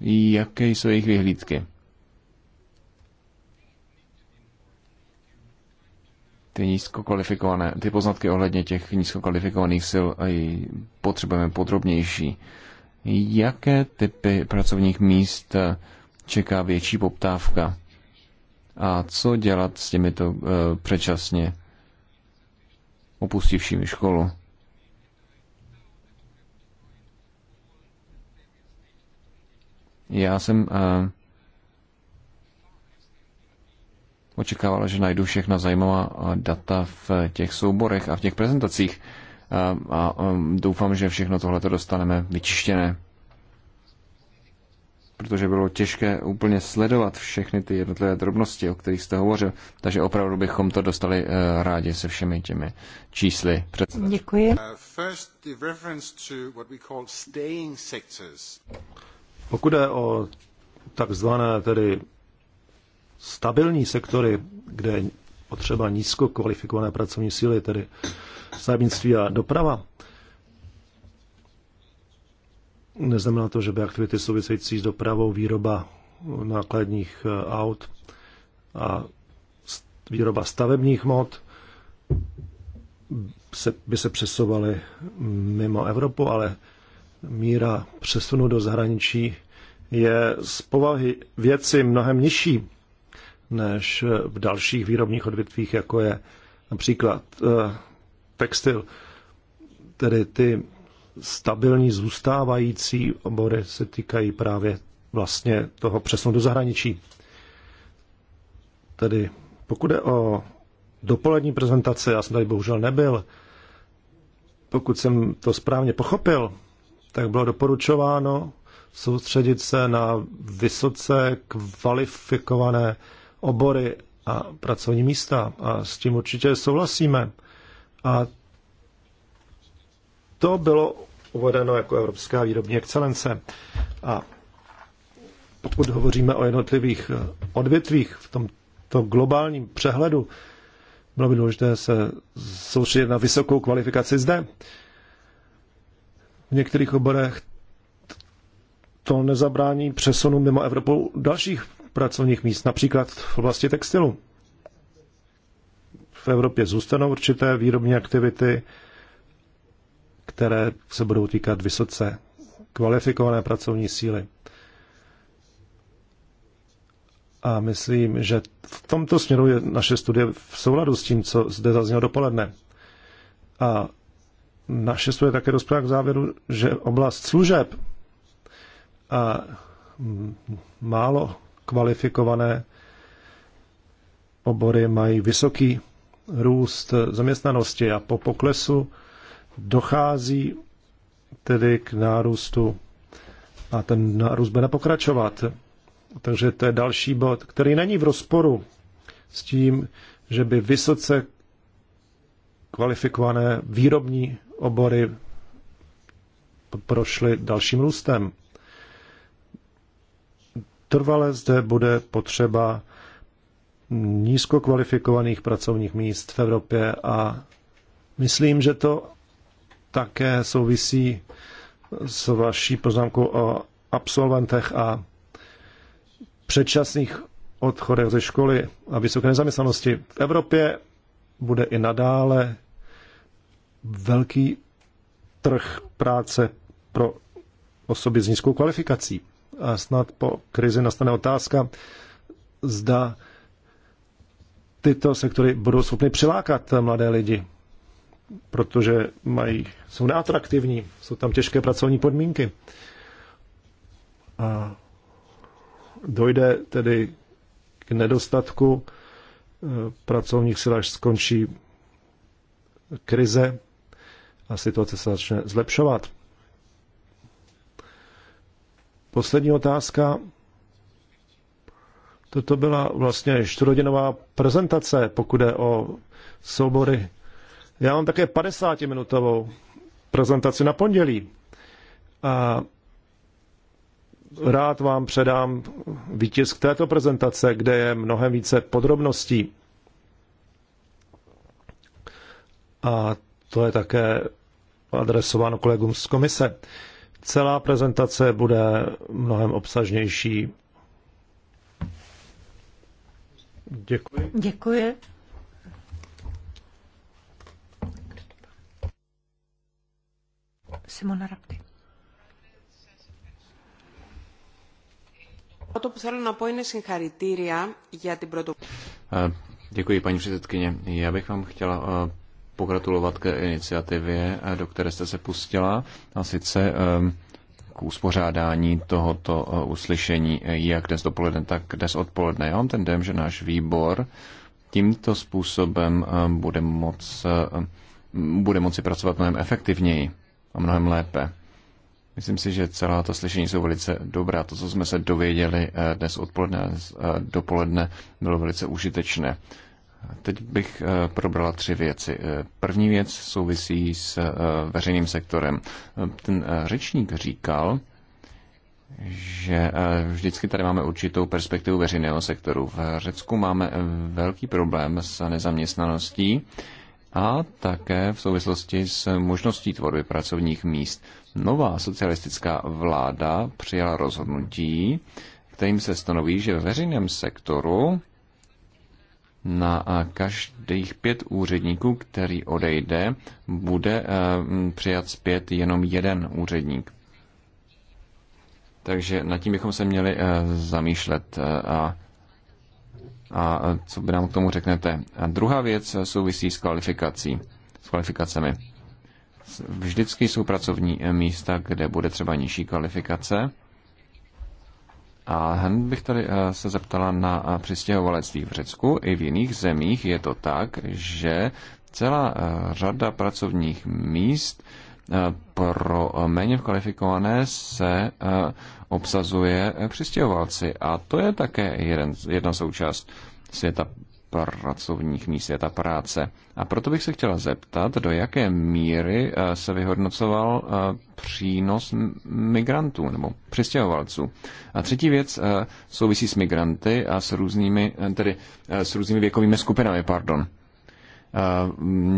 Jaké jsou jejich vyhlídky? ty nízkokvalifikované, ty poznatky ohledně těch nízkokvalifikovaných sil potřebujeme podrobnější. Jaké typy pracovních míst čeká větší poptávka? A co dělat s těmito eh, předčasně opustivšími školu? Já jsem eh, očekávala, že najdu všechna zajímavá eh, data v eh, těch souborech a v těch prezentacích eh, a doufám, že všechno tohle to dostaneme vyčištěné. Protože bylo těžké úplně sledovat všechny ty jednotlivé drobnosti, o kterých jste hovořil. Takže opravdu bychom to dostali rádi se všemi těmi čísly. Děkuji. Uh, Pokud je o takzvané tedy stabilní sektory, kde je potřeba nízko kvalifikované pracovní síly, tedy stavebnictví a doprava, neznamená to, že by aktivity související s dopravou, výroba nákladních eh, aut a výroba stavebních mod se, by se přesovaly mimo Evropu, ale míra přesunu do zahraničí je z povahy věci mnohem nižší než v dalších výrobních odvětvích, jako je například eh, textil. Tedy ty stabilní zůstávající obory se týkají právě vlastně toho přesunu do zahraničí. Tedy pokud je o dopolední prezentace, já jsem tady bohužel nebyl, pokud jsem to správně pochopil, tak bylo doporučováno soustředit se na vysoce kvalifikované obory a pracovní místa. A s tím určitě souhlasíme. A to bylo uvedeno jako Evropská výrobní excelence. A pokud hovoříme o jednotlivých eh, odvětvích v tomto globálním přehledu, bylo by důležité se soustředit na vysokou kvalifikaci zde. V některých oborech to nezabrání přesunu mimo Evropu dalších pracovních míst, například v oblasti textilu. V Evropě zůstanou určité výrobní aktivity, které se budou týkat vysoce kvalifikované pracovní síly. A myslím, že v tomto směru je naše studie v souladu s tím, co zde zaznělo dopoledne. A naše studie také dospěla k závěru, že oblast služeb a málo kvalifikované obory mají vysoký růst zaměstnanosti a po poklesu dochází tedy k nárůstu a ten nárůst bude pokračovat. Takže to je další bod, který není v rozporu s tím, že by vysoce kvalifikované výrobní obory prošly dalším růstem trvale zde bude potřeba nízkokvalifikovaných pracovních míst v Evropě a myslím, že to také souvisí s vaší poznámkou o absolventech a předčasných odchodech ze školy a vysoké nezaměstnanosti. V Evropě bude i nadále velký trh práce pro osoby s nízkou kvalifikací a snad po krizi nastane otázka, zda tyto sektory budou schopny přilákat mladé lidi, protože mají, jsou neatraktivní, jsou tam těžké pracovní podmínky. A dojde tedy k nedostatku eh, pracovních sil, až skončí krize a situace se začne zlepšovat. Poslední otázka. Toto byla vlastně čtvrhodinová prezentace, pokud je o soubory. Já mám také 50-minutovou prezentaci na pondělí. A rád vám předám výtisk této prezentace, kde je mnohem více podrobností. A to je také adresováno kolegům z komise. Celá prezentace bude mnohem obsažnější. Děkuji. Děkuji. Simona Rapty. To, co θέλω να πω είναι συγχαρητήρια Děkuji, paní předsedkyně. Já bych vám chtěla pogratulovat k iniciativě, eh, do které jste se pustila, a sice ehm, k uspořádání tohoto eh, uslyšení, eh, jak dnes dopoledne, tak dnes odpoledne. Já mám ten dojem, že náš výbor tímto způsobem bude, moc, bude moci pracovat mnohem efektivněji a mnohem lépe. Myslím si, že celá ta slyšení jsou velice dobrá. To, co jsme se dověděli dnes odpoledne a dopoledne, bylo velice užitečné. Teď bych eh, probrala tři věci. Eh, první věc souvisí s eh, veřejným sektorem. Ten řečník říkal, že vždycky tady máme určitou perspektivu veřejného sektoru. V Řecku máme velký problém s nezaměstnaností a také v souvislosti s možností tvorby pracovních míst. Nová socialistická vláda přijala rozhodnutí, kterým se stanoví, že ve veřejném sektoru na každých pět úředníků, který odejde, bude e, přijat zpět jenom jeden úředník. Takže nad tím bychom se měli e, zamýšlet e, a, a co by nám k tomu řeknete. A druhá věc souvisí s kvalifikací, s kvalifikacemi. Vždycky jsou pracovní místa, kde bude třeba nižší kvalifikace a hned bych tady eh, se zeptala na eh, přistěhovalectví v Řecku. I v jiných zemích je to tak, že celá eh, řada pracovních míst pro méně kvalifikované se obsazuje přistěhovalci. A to je také jeden, jedna součást světa pracovních míst, je ta práce. A proto bych se chtěla zeptat, do jaké míry eh, se vyhodnocoval eh, přínos migrantů nebo přistěhovalců. A třetí věc eh, souvisí s migranty a s různými, tedy s různými věkovými skupinami, pardon.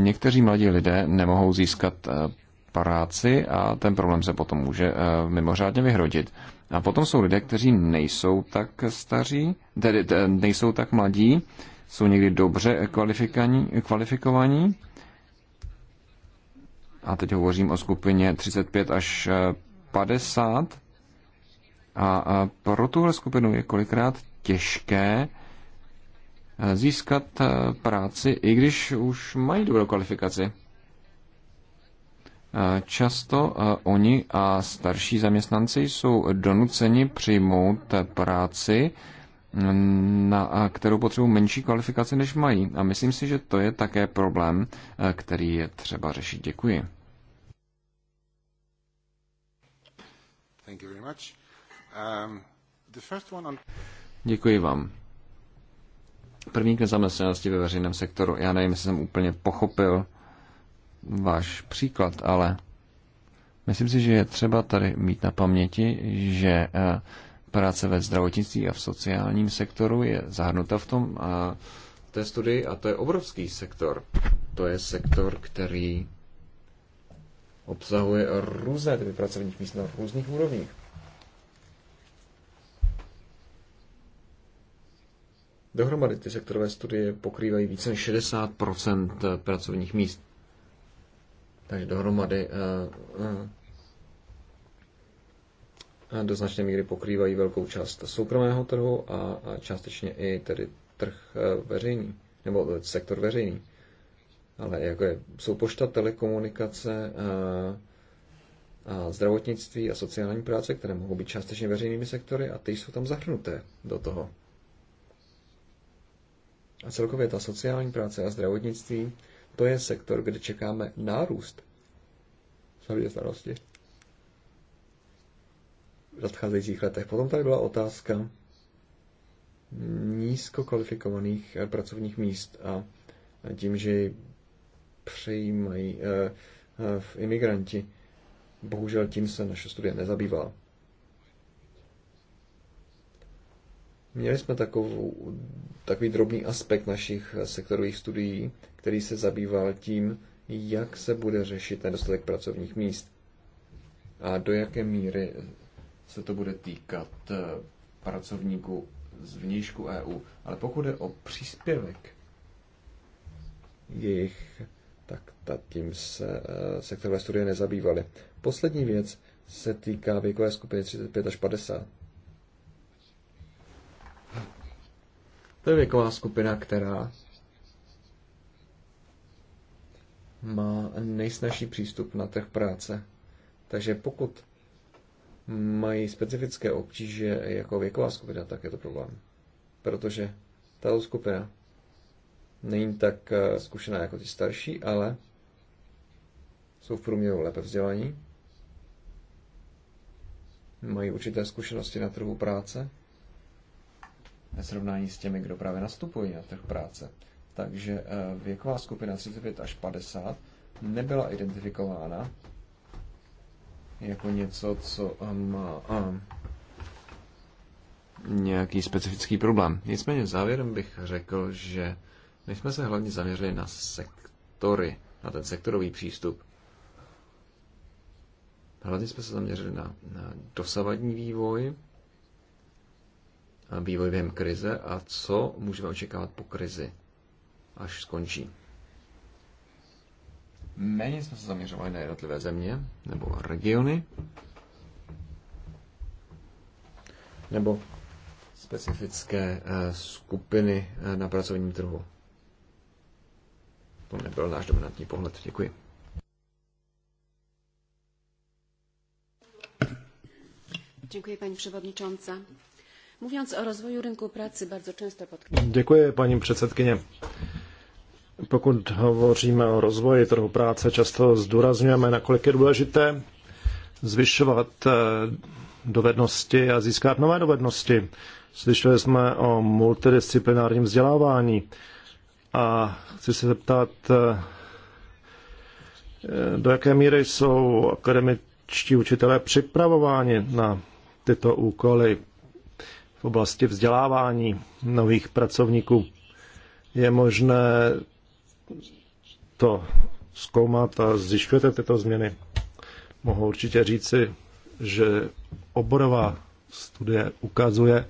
Někteří mladí lidé nemohou získat práci a ten problém se potom může mimořádně vyhrodit. A potom jsou lidé, kteří nejsou tak staří, tedy nejsou tak mladí, jsou někdy dobře kvalifikovaní. A teď hovořím o skupině 35 až 50. Eh, a pro tuhle skupinu je kolikrát těžké eh, získat eh, práci, i když už mají dobrou kvalifikaci. Často oni a starší zaměstnanci jsou donuceni přijmout práci, na kterou potřebují menší kvalifikaci, než mají. A myslím si, že to je také problém, eh, který je třeba řešit. Děkuji. Thank you very much. Um, the first one on... Děkuji vám. První k nezaměstnanosti ve veřejném sektoru. Já nevím, jestli jsem úplně pochopil váš příklad, ale myslím si, že je třeba tady mít na paměti, že eh, práce ve zdravotnictví a v sociálním sektoru je zahrnuta v tom a té studii a to je obrovský sektor. To je sektor, který obsahuje různé typy pracovních míst na různých úrovních. Dohromady ty sektorové studie pokrývají více než 60 pracovních míst. Takže dohromady eh, eh, do značné míry pokrývají velkou část soukromého trhu a částečně i tedy trh eh, veřejný, nebo sektor veřejný. Ale jako je, jsou pošta, telekomunikace, eh, a zdravotnictví a sociální práce, které mohou být částečně veřejnými sektory a ty jsou tam zahrnuté do toho. A celkově ta sociální práce a zdravotnictví, to je sektor, kde čekáme nárůst zaměstnanosti nadcházejících letech. Potom tady byla otázka nízko kvalifikovaných eh, pracovních míst a tím, že ji přejímají eh, eh, v imigranti. Bohužel tím se naše studie nezabývá. Měli jsme takovou, takový drobný aspekt našich sektorových studií, který se zabýval tím, jak se bude řešit nedostatek pracovních míst a do jaké míry se to bude týkat eh, pracovníků z vnějšku EU. Ale pokud je o příspěvek jejich, tak tím se eh, sektorové studie nezabývaly. Poslední věc se týká věkové skupiny 35 až 50. To je věková skupina, která má nejsnažší přístup na trh práce. Takže pokud mají specifické obtíže jako věková skupina, tak je to problém. Protože tato skupina není tak eh, zkušená jako ty starší, ale jsou v průměru lépe vzdělaní, mají určité zkušenosti na trhu práce ve srovnání s těmi, kdo právě nastupují na trh práce. Takže eh, věková skupina 35 až 50 nebyla identifikována jako něco, co má nějaký specifický problém. Nicméně závěrem bych řekl, že my jsme se hlavně zaměřili na sektory, na ten sektorový přístup. Hlavně jsme se zaměřili na, na dosavadní vývoj, vývoj během krize a co můžeme očekávat po krizi, až skončí. Méně jsme se zaměřovali na jednotlivé země nebo regiony nebo specifické eh, skupiny eh, na pracovním trhu. To nebyl náš dominantní pohled. Děkuji. Děkuji, paní předsedající. Mówiąc o rozvoji rynku pracy, bardzo często podkreślam. Děkuji, paní předsedkyně. Pokud hovoříme o rozvoji trhu práce, často zdůrazňujeme, nakolik je důležité zvyšovat eh, dovednosti a získat nové dovednosti. Slyšeli jsme o multidisciplinárním vzdělávání a chci se zeptat, eh, do jaké míry jsou akademičtí učitelé připravováni na tyto úkoly v oblasti vzdělávání nových pracovníků. Je možné to zkoumat a zjišťujete tyto změny? Mohu určitě říci, že oborová studie ukazuje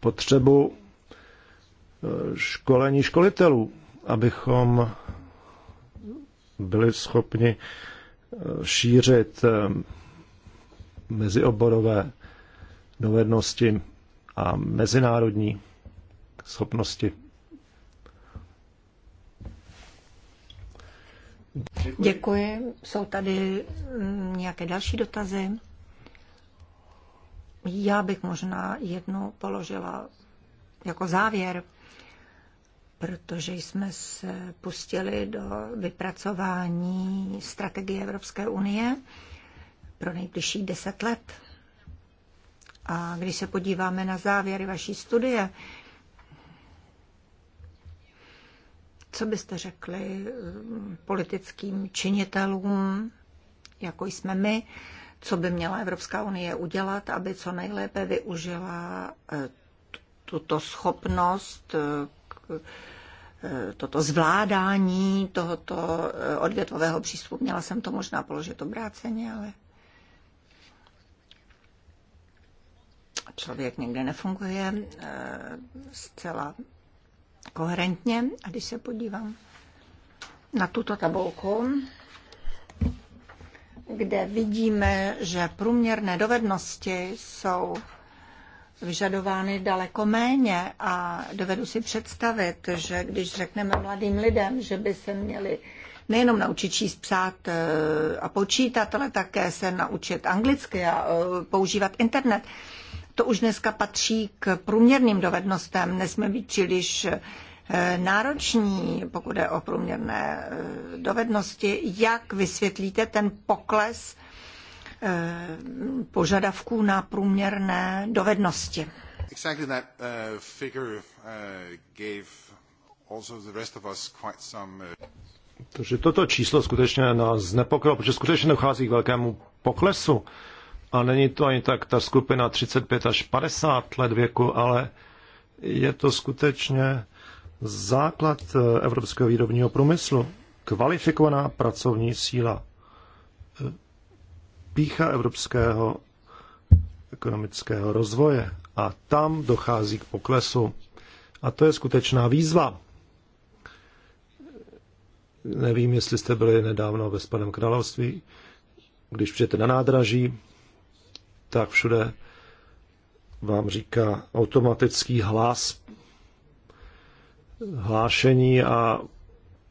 potřebu e, školení školitelů, abychom byli schopni e, šířit e, mezioborové dovednosti a mezinárodní schopnosti Děkuji. Děkuji. Jsou tady mm, nějaké další dotazy? Já bych možná jednu položila jako závěr, protože jsme se pustili do vypracování strategie Evropské unie pro nejbližší deset let. A když se podíváme na závěry vaší studie, Co byste řekli um, politickým činitelům, jako jsme my, co by měla Evropská unie udělat, aby co nejlépe využila eh, tuto schopnost eh, eh, toto zvládání tohoto odvětvového přístupu. Měla jsem to možná položit obráceně, ale člověk někde nefunguje zcela koherentně. A když se podívám na tuto tabulku, kde vidíme, že průměrné dovednosti jsou vyžadovány daleko méně a dovedu si představit, že když řekneme mladým lidem, že by se měli nejenom naučit číst, psát e, a počítat, ale také se naučit anglicky a e, používat internet, to už dneska patří k průměrným dovednostem. Nesmí být příliš eh, nároční, pokud je o průměrné eh, dovednosti. Jak vysvětlíte ten pokles eh, požadavků na průměrné dovednosti? Exactly that uh, figure uh, gave also the rest of us quite some uh, Takže toto číslo skutečně nás znepokojilo, protože skutečně dochází k velkému poklesu. A není to ani tak ta skupina 35 až 50 let věku, ale je to skutečně základ eh, evropského výrobního průmyslu. Kvalifikovaná pracovní síla. Eh, pícha evropského ekonomického rozvoje. A tam dochází k poklesu. A to je skutečná výzva. Nevím, jestli jste byli nedávno ve Spadném království, když přijete na nádraží, tak všude vám říká automatický hlas hlášení a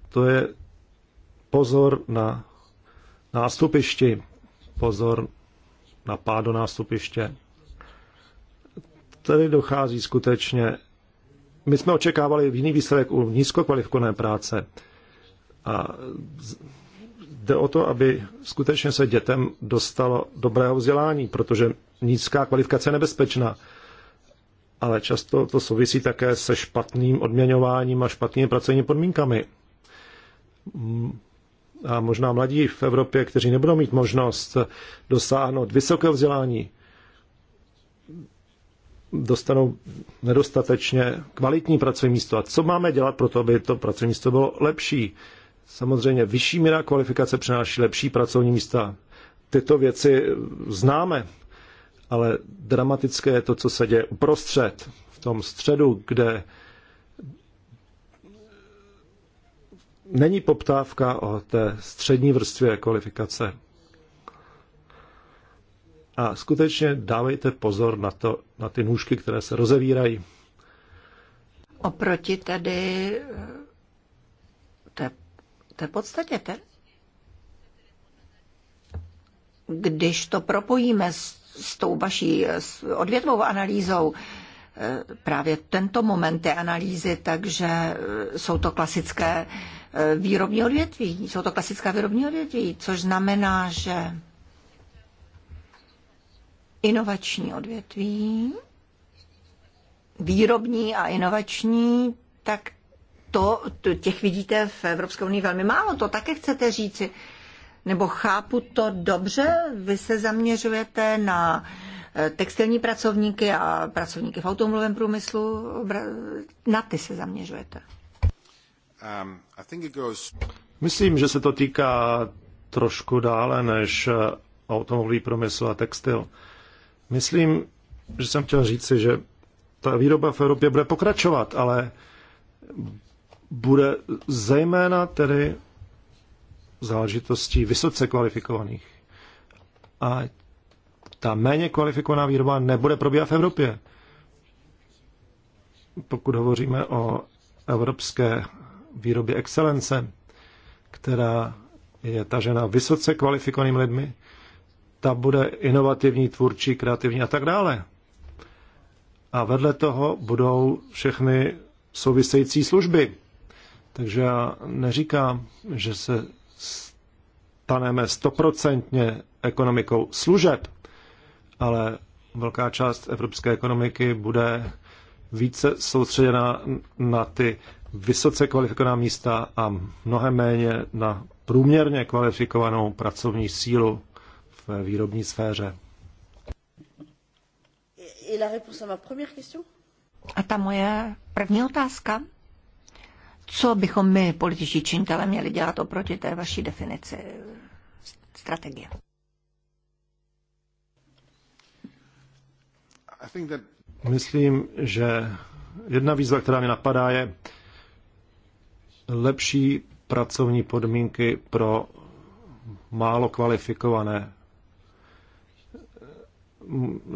to je pozor na nástupišti, pozor na pádu nástupiště. Tady dochází skutečně. My jsme očekávali jiný výsledek u nízkokvalifikované práce a Jde o to, aby skutečně se dětem dostalo dobrého vzdělání, protože nízká kvalifikace je nebezpečná. Ale často to souvisí také se špatným odměňováním a špatnými pracovními podmínkami. A možná mladí v Evropě, kteří nebudou mít možnost dosáhnout vysokého vzdělání, dostanou nedostatečně kvalitní pracovní místo. A co máme dělat pro to, aby to pracovní místo bylo lepší? Samozřejmě vyšší míra kvalifikace přináší lepší pracovní místa. Tyto věci známe, ale dramatické je to, co se děje uprostřed, v tom středu, kde není poptávka o té střední vrstvě kvalifikace. A skutečně dávejte pozor na, to, na ty nůžky, které se rozevírají. Oproti tedy té to je podstatě ten. Když to propojíme s, s tou vaší s odvětvou analýzou, eh, právě tento moment té analýzy, takže eh, jsou to klasické eh, výrobní odvětví, jsou to klasická výrobní odvětví, což znamená, že inovační odvětví, výrobní a inovační, tak to, to těch vidíte v Evropské unii velmi málo, to také chcete říci. Nebo chápu to dobře, vy se zaměřujete na eh, textilní pracovníky a pracovníky v automobilovém průmyslu, na ty se zaměřujete. Um, Myslím, že se to týká trošku dále než eh, automobilový průmysl a textil. Myslím, že jsem chtěl říci, že ta výroba v Evropě bude pokračovat, ale bude zejména tedy záležitostí vysoce kvalifikovaných. A ta méně kvalifikovaná výroba nebude probíhat v Evropě. Pokud hovoříme o evropské výrobě excelence, která je tažena vysoce kvalifikovanými lidmi, ta bude inovativní, tvůrčí, kreativní a tak dále. A vedle toho budou všechny související služby, takže já neříkám, že se staneme stoprocentně ekonomikou služeb, ale velká část evropské ekonomiky bude více soustředěna na ty vysoce kvalifikovaná místa a mnohem méně na průměrně kvalifikovanou pracovní sílu v výrobní sféře. A ta moje první otázka? co bychom my, političtí činitelé, měli dělat oproti té vaší definici strategie? Myslím, že jedna výzva, která mě napadá, je lepší pracovní podmínky pro málo kvalifikované.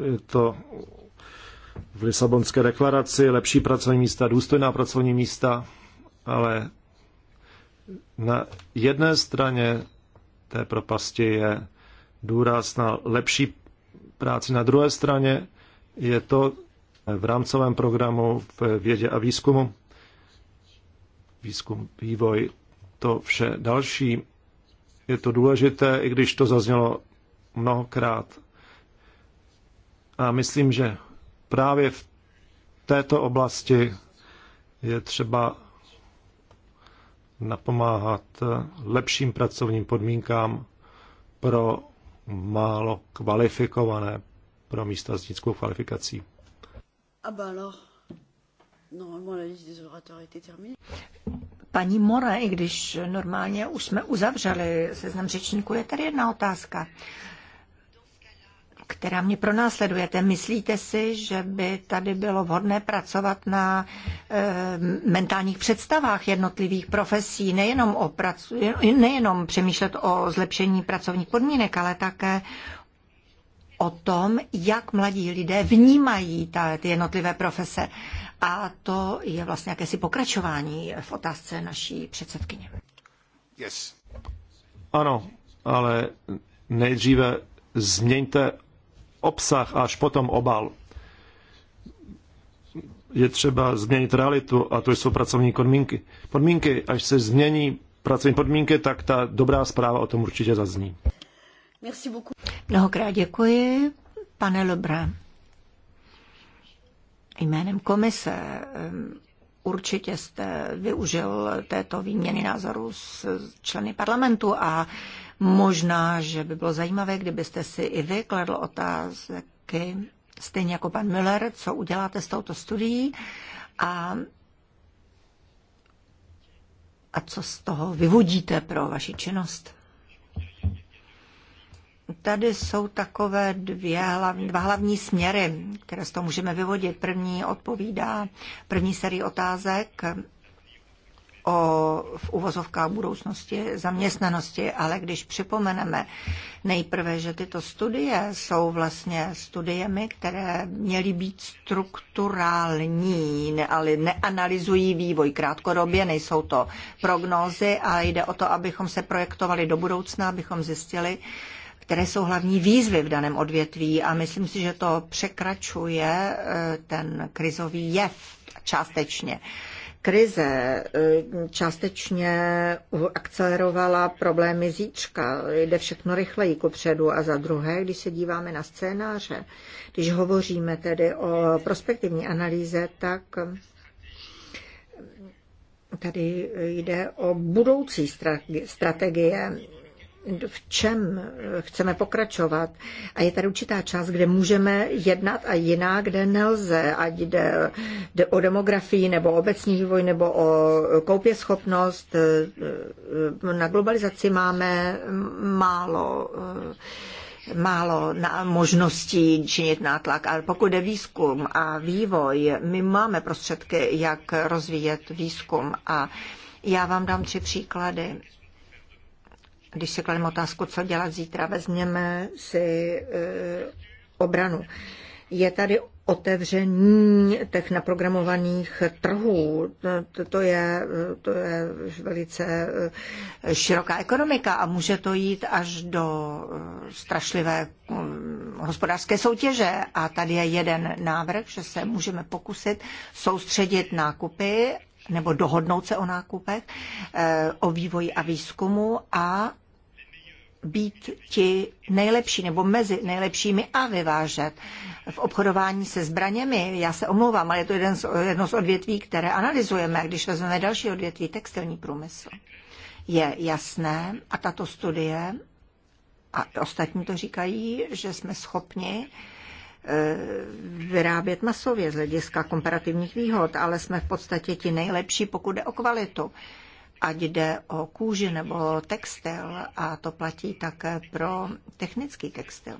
Je to v Lisabonské deklaraci lepší pracovní místa, důstojná pracovní místa, ale na jedné straně té propasti je důraz na lepší práci, na druhé straně je to v rámcovém programu v vědě a výzkumu, výzkum, vývoj, to vše další. Je to důležité, i když to zaznělo mnohokrát. A myslím, že právě v této oblasti je třeba napomáhat lepším pracovním podmínkám pro málo kvalifikované pro místa s nízkou kvalifikací. Ah Paní More, i když normálně už jsme uzavřeli seznam řečníků, je tady jedna otázka která mě pronásledujete. Myslíte si, že by tady bylo vhodné pracovat na e, mentálních představách jednotlivých profesí, nejenom, o pracu, nejenom přemýšlet o zlepšení pracovních podmínek, ale také o tom, jak mladí lidé vnímají ta, ty jednotlivé profese. A to je vlastně jakési pokračování v otázce naší předsedkyně. Yes. Ano, ale nejdříve změňte obsah, až potom obal. Je třeba změnit realitu a to jsou pracovní podmínky. Podmínky, až se změní pracovní podmínky, tak ta dobrá zpráva o tom určitě zazní. Merci beaucoup. Mnohokrát děkuji, pane Lebra. Jménem komise určitě jste využil této výměny názoru s členy parlamentu a Možná, že by bylo zajímavé, kdybyste si i vy kladl otázky, stejně jako pan Müller, co uděláte s touto studií a, a co z toho vyvodíte pro vaši činnost. Tady jsou takové dvě, dva hlavní směry, které z toho můžeme vyvodit. První odpovídá první sérii otázek o v uvozovkách budoucnosti zaměstnanosti, ale když připomeneme nejprve, že tyto studie jsou vlastně studiemi, které měly být strukturální, ale neanalyzují vývoj krátkodobě, nejsou to prognózy a jde o to, abychom se projektovali do budoucna, abychom zjistili, které jsou hlavní výzvy v daném odvětví a myslím si, že to překračuje eh, ten krizový jev částečně. Krize eh, částečně akcelerovala problémy zítřka, jde všechno rychleji ku předu a za druhé, když se díváme na scénáře, když hovoříme tedy o prospektivní analýze, tak tady jde o budoucí strategie v čem chceme pokračovat. A je tady určitá část, kde můžeme jednat a jiná, kde nelze, ať jde, jde o demografii nebo obecní vývoj nebo o koupěschopnost. Na globalizaci máme málo málo na možností činit nátlak, ale pokud je výzkum a vývoj, my máme prostředky, jak rozvíjet výzkum a já vám dám tři příklady. Když si klademe otázku, co dělat zítra, vezměme si e, obranu. Je tady otevření těch naprogramovaných trhů. To, to, je, to je velice eh, široká ekonomika a může to jít až do eh, strašlivé hm, hospodářské soutěže. A tady je jeden návrh, že se můžeme pokusit soustředit nákupy nebo dohodnout se o nákupech, eh, o vývoji a výzkumu a být ti nejlepší nebo mezi nejlepšími a vyvážet. V obchodování se zbraněmi, já se omlouvám, ale je to jeden z, jedno z odvětví, které analyzujeme, když vezmeme další odvětví, textilní průmysl. Je jasné, a tato studie, a ostatní to říkají, že jsme schopni uh, Eh, vyrábět masově z hlediska komparativních výhod, ale jsme v podstatě ti nejlepší, pokud jde o kvalitu. Ať jde o kůži nebo textil, a to platí také pro technický textil.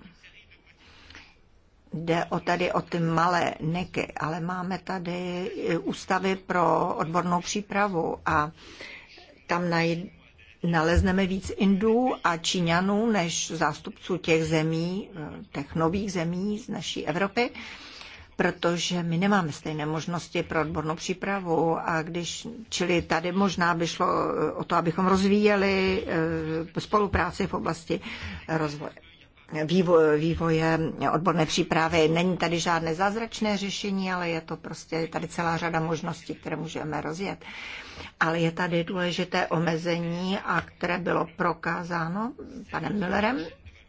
Jde o tady o ty malé neky, ale máme tady eh, ústavy pro odbornou přípravu a tam naj nalezneme víc Indů a Číňanů než zástupců těch zemí, eh, těch nových zemí z naší Evropy, protože my nemáme stejné možnosti pro odbornou přípravu a když, čili tady možná by šlo eh, o to, abychom rozvíjeli eh, spolupráci v oblasti rozvoje vývoje, vývoje odborné přípravy. Není tady žádné zázračné řešení, ale je to prostě tady celá řada možností, které můžeme rozjet. Uh, ale je tady důležité omezení, a které bylo prokázáno panem Millerem,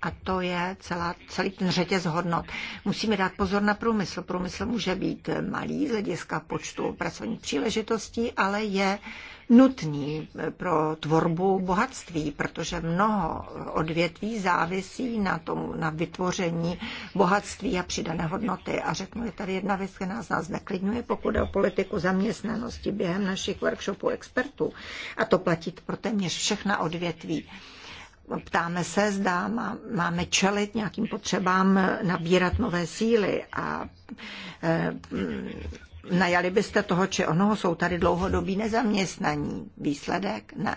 a to je celá, celý ten řetěz hodnot. Musíme dát pozor na průmysl. Průmysl může být malý z hlediska počtu pracovních příležitostí, ale je uh, nutný pro tvorbu bohatství, protože mnoho odvětví závisí na, tom, na vytvoření bohatství a přidané hodnoty. A řeknu, je tady jedna věc, která nás neklidňuje, pokud o politiku zaměstnanosti během našich workshopů expertů. A to platí pro téměř všechna odvětví ptáme se, zda máme čelit nějakým potřebám nabírat nové síly a eh, najali byste toho či onoho, jsou tady dlouhodobí nezaměstnaní. Výsledek? Ne.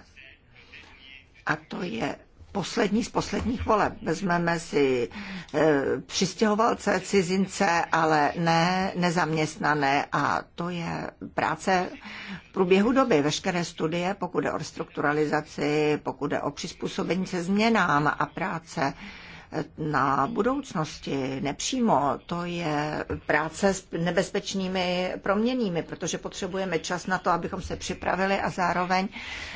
A to je poslední z posledních voleb. Vezmeme si e, přistěhovalce, cizince, ale ne nezaměstnané a to je práce v průběhu doby. Veškeré studie, pokud je o restrukturalizaci, pokud je o přizpůsobení se změnám a práce na budoucnosti nepřímo. To je práce s nebezpečnými proměnými, protože potřebujeme čas na to, abychom se připravili a zároveň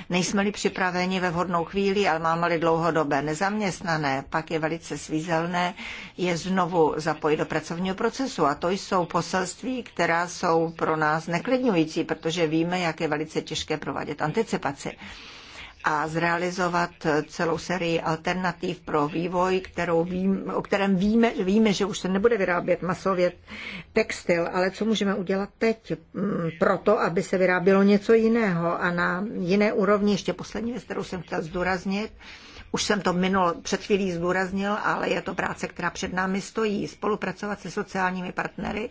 nejsme-li připraveni ve vhodnou chvíli, ale máme-li dlouhodobé nezaměstnané, pak je velice svízelné je znovu zapojit do pracovního procesu. A to jsou poselství, která jsou pro nás neklidňující, protože víme, jak je velice těžké provádět anticipaci a zrealizovat celou sérii alternativ pro vývoj, kterou vím, o kterém víme, víme, že už se nebude vyrábět masově textil, ale co můžeme udělat teď mm, pro to, aby se vyrábělo něco jiného a na jiné úrovni, ještě poslední věc, kterou jsem chtěla zdůraznit, už jsem to minul, před chvílí zdůraznil, ale je to práce, která před námi stojí. Spolupracovat se sociálními partnery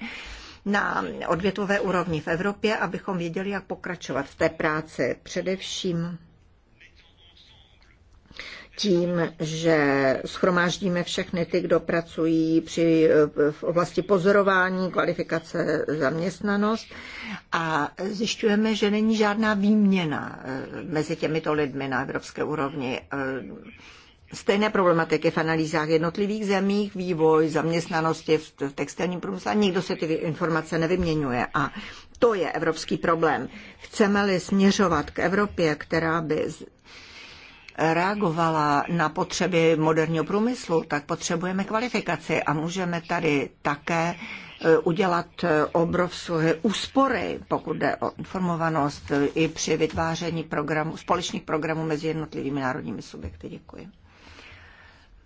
na odvětové úrovni v Evropě, abychom věděli, jak pokračovat v té práci. Především tím, že schromáždíme všechny ty, kdo pracují při, v oblasti pozorování, kvalifikace, zaměstnanost a zjišťujeme, že není žádná výměna eh, mezi těmito lidmi na evropské úrovni. Eh, stejné problematiky v analýzách jednotlivých zemích, vývoj zaměstnanosti v textilním průmyslu nikdo se ty informace nevyměňuje. A to je evropský problém. Chceme-li směřovat k Evropě, která by reagovala na potřeby moderního průmyslu, tak potřebujeme kvalifikaci a můžeme tady také e, udělat e, obrovské úspory, pokud jde o informovanost e, i při vytváření programů, společných programů mezi jednotlivými národními subjekty. Děkuji.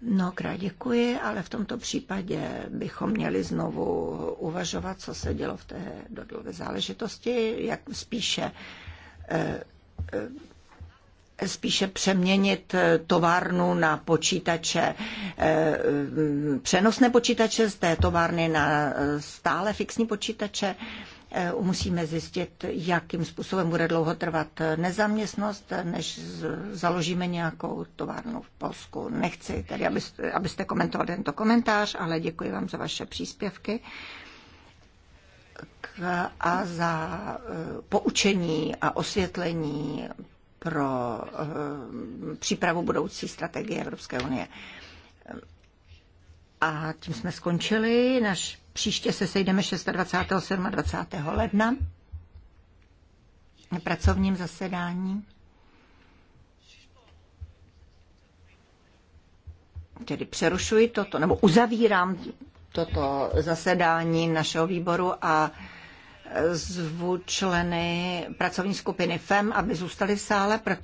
No, krát děkuji, ale v tomto případě bychom měli znovu uvažovat, co se dělo v té dodlové záležitosti, jak spíše spíše přeměnit eh, továrnu na počítače, eh, mm, přenosné počítače z té továrny na eh, stále fixní počítače. Musíme zjistit, jakým způsobem bude dlouho trvat nezaměstnost, než založíme nějakou továrnu v Polsku. Nechci tedy, abyste, abyste komentoval tento komentář, ale děkuji vám za vaše příspěvky a za poučení a osvětlení pro eh, přípravu budoucí strategie Evropské unie. A tím jsme skončili. Naš příště se sejdeme 26. 27. ledna na pracovním zasedání. Tedy přerušuji toto, nebo uzavírám toto zasedání našeho výboru a zvu členy pracovní skupiny FEM, aby zůstali v sále, protože